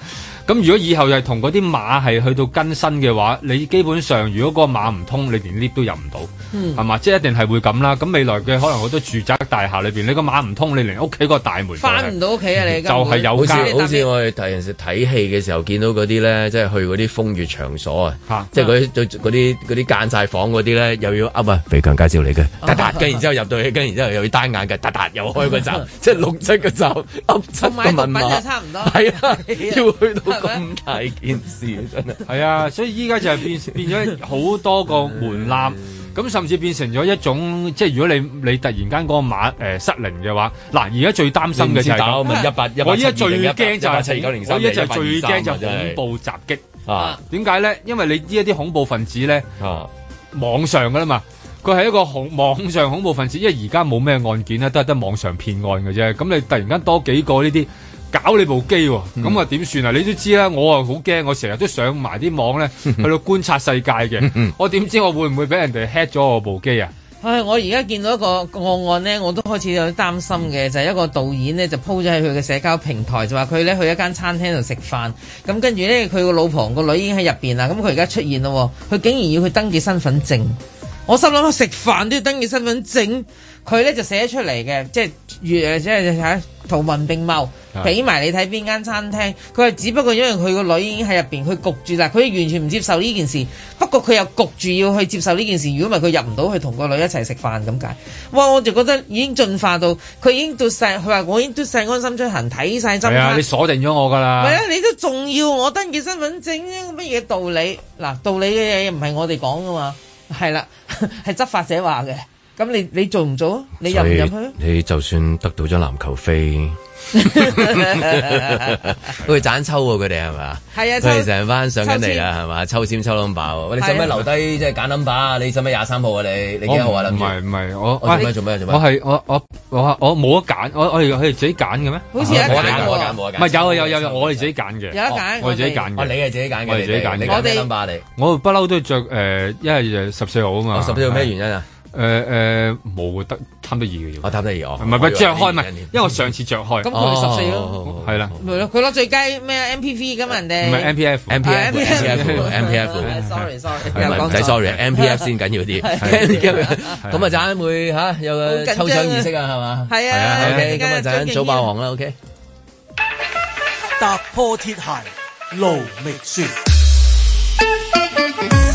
咁如果以後又係同嗰啲馬係去到更新嘅話，你基本上如果個馬唔通，你連 lift 都入唔到，係嘛、嗯？即係一定係會咁啦。咁未來嘅可能好多住宅大廈裏邊，你個馬唔通，你連屋企個大門翻唔到屋企啊！你就係有間，好似我哋睇電視睇戲嘅時候見到嗰啲咧，即係去嗰啲風月場所啊，即係嗰啲啲啲間曬房嗰啲咧，又要啊唔係肥強介紹你嘅，嗒嗒，跟然之後入到去，跟然之後又要單眼嘅，嗒、啊、嗒、啊、又開個閘， <laughs> 即係露出就噏七個密碼差唔多，係啊，要去到咁大件事真係。係啊，所以依家就係變變咗好多個門檻，咁甚至變成咗一種，即係如果你你突然間嗰個碼誒失靈嘅話，嗱，而家最擔心嘅就係咁。我依家最驚就係恐怖襲擊啊！點解咧？因為你呢一啲恐怖分子咧，網上㗎啦嘛。佢係一個恐網上恐怖分子，因為而家冇咩案件咧，都係得網上騙案嘅啫。咁你突然間多幾個呢啲搞你部機、哦，咁啊點算啊？你都知啦，我啊好驚，我成日都上埋啲網咧，去到觀察世界嘅。嗯嗯、我點知我會唔會俾人哋 hack 咗我部機啊？唉，我而家見到一個個案咧，我都開始有啲擔心嘅，就係、是、一個導演咧就 po 咗喺佢嘅社交平台，就話佢咧去一間餐廳度食飯，咁跟住咧佢個老婆個女已經喺入邊啦。咁佢而家出現咯，佢竟然要去登記身份證。我心諗啊，食飯都要登記身份證，佢咧就寫出嚟嘅，即係越即係吓，圖文並茂，俾埋你睇邊間餐廳。佢係是的 只不過因為佢個女已經喺入邊，佢焗住啦。佢完全唔接受呢件事，不過佢又焗住要去接受呢件事。如果唔係佢入唔到去同個女一齊食飯咁解。哇！我就覺得已經進化到佢已經到晒，佢話我已經到晒安心出行，睇晒針。係你鎖定咗我噶啦。係啊，你都仲要我登記身份證，乜嘢道理？嗱，啊，道理嘅嘢唔係我哋講噶嘛，係啦。係執 <laughs> 法者話嘅。咁你你做唔做啊？你入唔入去啊？你就算得到咗籃球飛，佢哋爭抽喎，佢哋係咪？係啊，佢哋成班上緊嚟啦，係咪？抽籤抽 number，你使唔使留低即係揀 number 啊？你使唔使廿三號啊？你你幾號啊？唔係唔係，我我做咩做咩做咩？我係我我我冇得揀，我我哋佢哋自己揀嘅咩？好似一揀，我揀我揀，唔係有有有有，我哋自己揀嘅，有得揀，我哋自己揀嘅，你係自己揀嘅，我哋自己揀，我哋 number，我哋我不嬲都着誒，一係就十四號啊嘛，十四號咩原因啊？誒誒，冇得貪得意嘅，我貪得意我，唔係佢着開，唔係，因為我上次着開，咁佢十四咯，係啦，咪咯，佢攞最佳咩 M P V 咁人哋。唔係 M P F，M P F，M P F，sorry sorry，唔使 sorry，M P F 先緊要啲，咁啊就等會吓有個抽獎儀式啊，係嘛？係啊，OK，咁啊就等早霸王啦，OK，踏破鐵鞋路未算。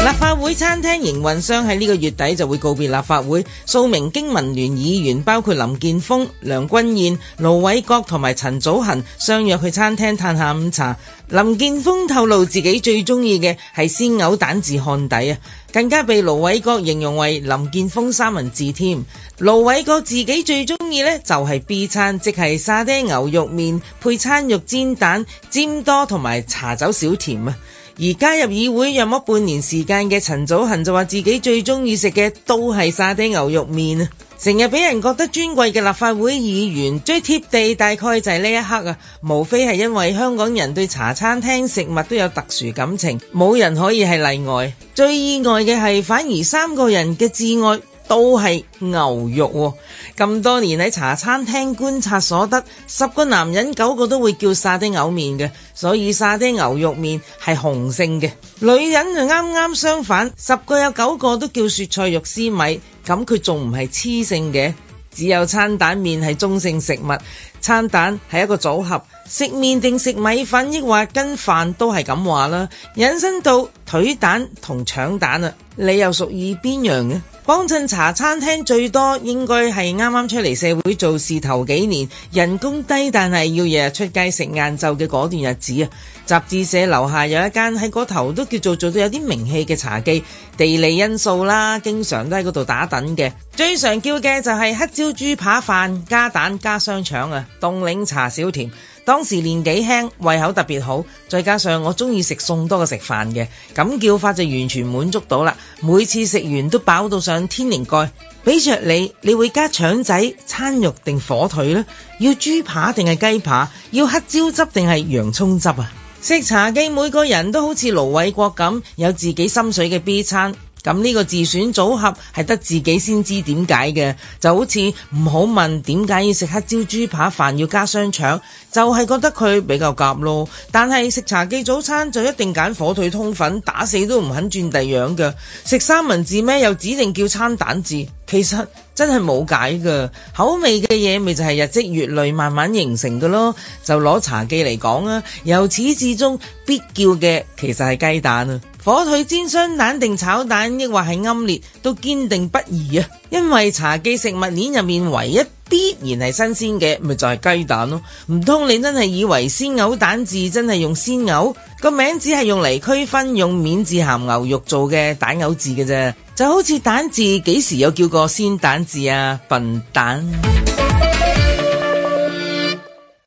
立法會餐廳營運商喺呢個月底就會告別立法會。數名經民聯議員包括林健鋒、梁君彥、盧偉國同埋陳祖恒相約去餐廳嘆下午茶。林健鋒透露自己最中意嘅係鮮藕蛋治漢底啊，更加被盧偉國形容為「林健鋒三文治」添。盧偉國自己最中意呢就係 B 餐，即係沙爹牛肉麵配餐肉煎蛋、煎多同埋茶酒小甜啊。而加入議會約莫半年時間嘅陳祖恆就話自己最中意食嘅都係沙爹牛肉麵啊！成日俾人覺得尊貴嘅立法會議員最貼地，大概就係呢一刻啊！無非係因為香港人對茶餐廳食物都有特殊感情，冇人可以係例外。最意外嘅係，反而三個人嘅摯愛都係牛肉。咁多年喺茶餐廳觀察所得，十個男人九個都會叫沙爹牛麵嘅，所以沙爹牛肉麵係雄性嘅。女人就啱啱相反，十個有九個都叫雪菜肉絲米，咁佢仲唔係雌性嘅？只有餐蛋麵係中性食物，餐蛋係一個組合，食麵定食米粉，抑或跟飯都係咁話啦。引申到腿蛋同腸蛋啦，你又屬於邊樣嘅？幫襯茶餐廳最多應該係啱啱出嚟社會做事頭幾年，人工低但係要日日出街食晏晝嘅嗰段日子啊！雜誌社樓下有一間喺嗰頭都叫做做到有啲名氣嘅茶記，地理因素啦，經常都喺嗰度打躉嘅，最常叫嘅就係黑椒豬扒飯加蛋加香腸啊！凍檸茶小甜。當時年紀輕，胃口特別好，再加上我中意食餸多過食飯嘅，咁叫法就完全滿足到啦。每次食完都飽到上天靈蓋。俾着你，你會加腸仔、餐肉定火腿呢？要豬扒定係雞扒？要黑椒汁定係洋葱汁啊？食茶記每個人都好似盧偉國咁，有自己心水嘅 B 餐。咁呢個自選組合係得自己先知點解嘅，就好似唔好問點解要食黑椒豬扒飯要加雙腸。就係覺得佢比較夾咯，但係食茶記早餐就一定揀火腿通粉，打死都唔肯轉第樣嘅。食三文治咩又指定叫餐蛋治，其實真係冇解噶。口味嘅嘢咪就係日積月累慢慢形成噶咯。就攞茶記嚟講啊，由始至終必叫嘅其實係雞蛋啊，火腿煎雙蛋定炒蛋，抑或係奄列，都堅定不移啊。因為茶記食物鏈入面唯一必然係新鮮嘅，咪就係、是、雞蛋咯。唔通你真係以為鮮藕蛋字真係用鮮藕個名，只係用嚟區分用免治鹹牛肉做嘅蛋藕字嘅啫？就好似蛋字幾時有叫過鮮蛋字啊？笨蛋！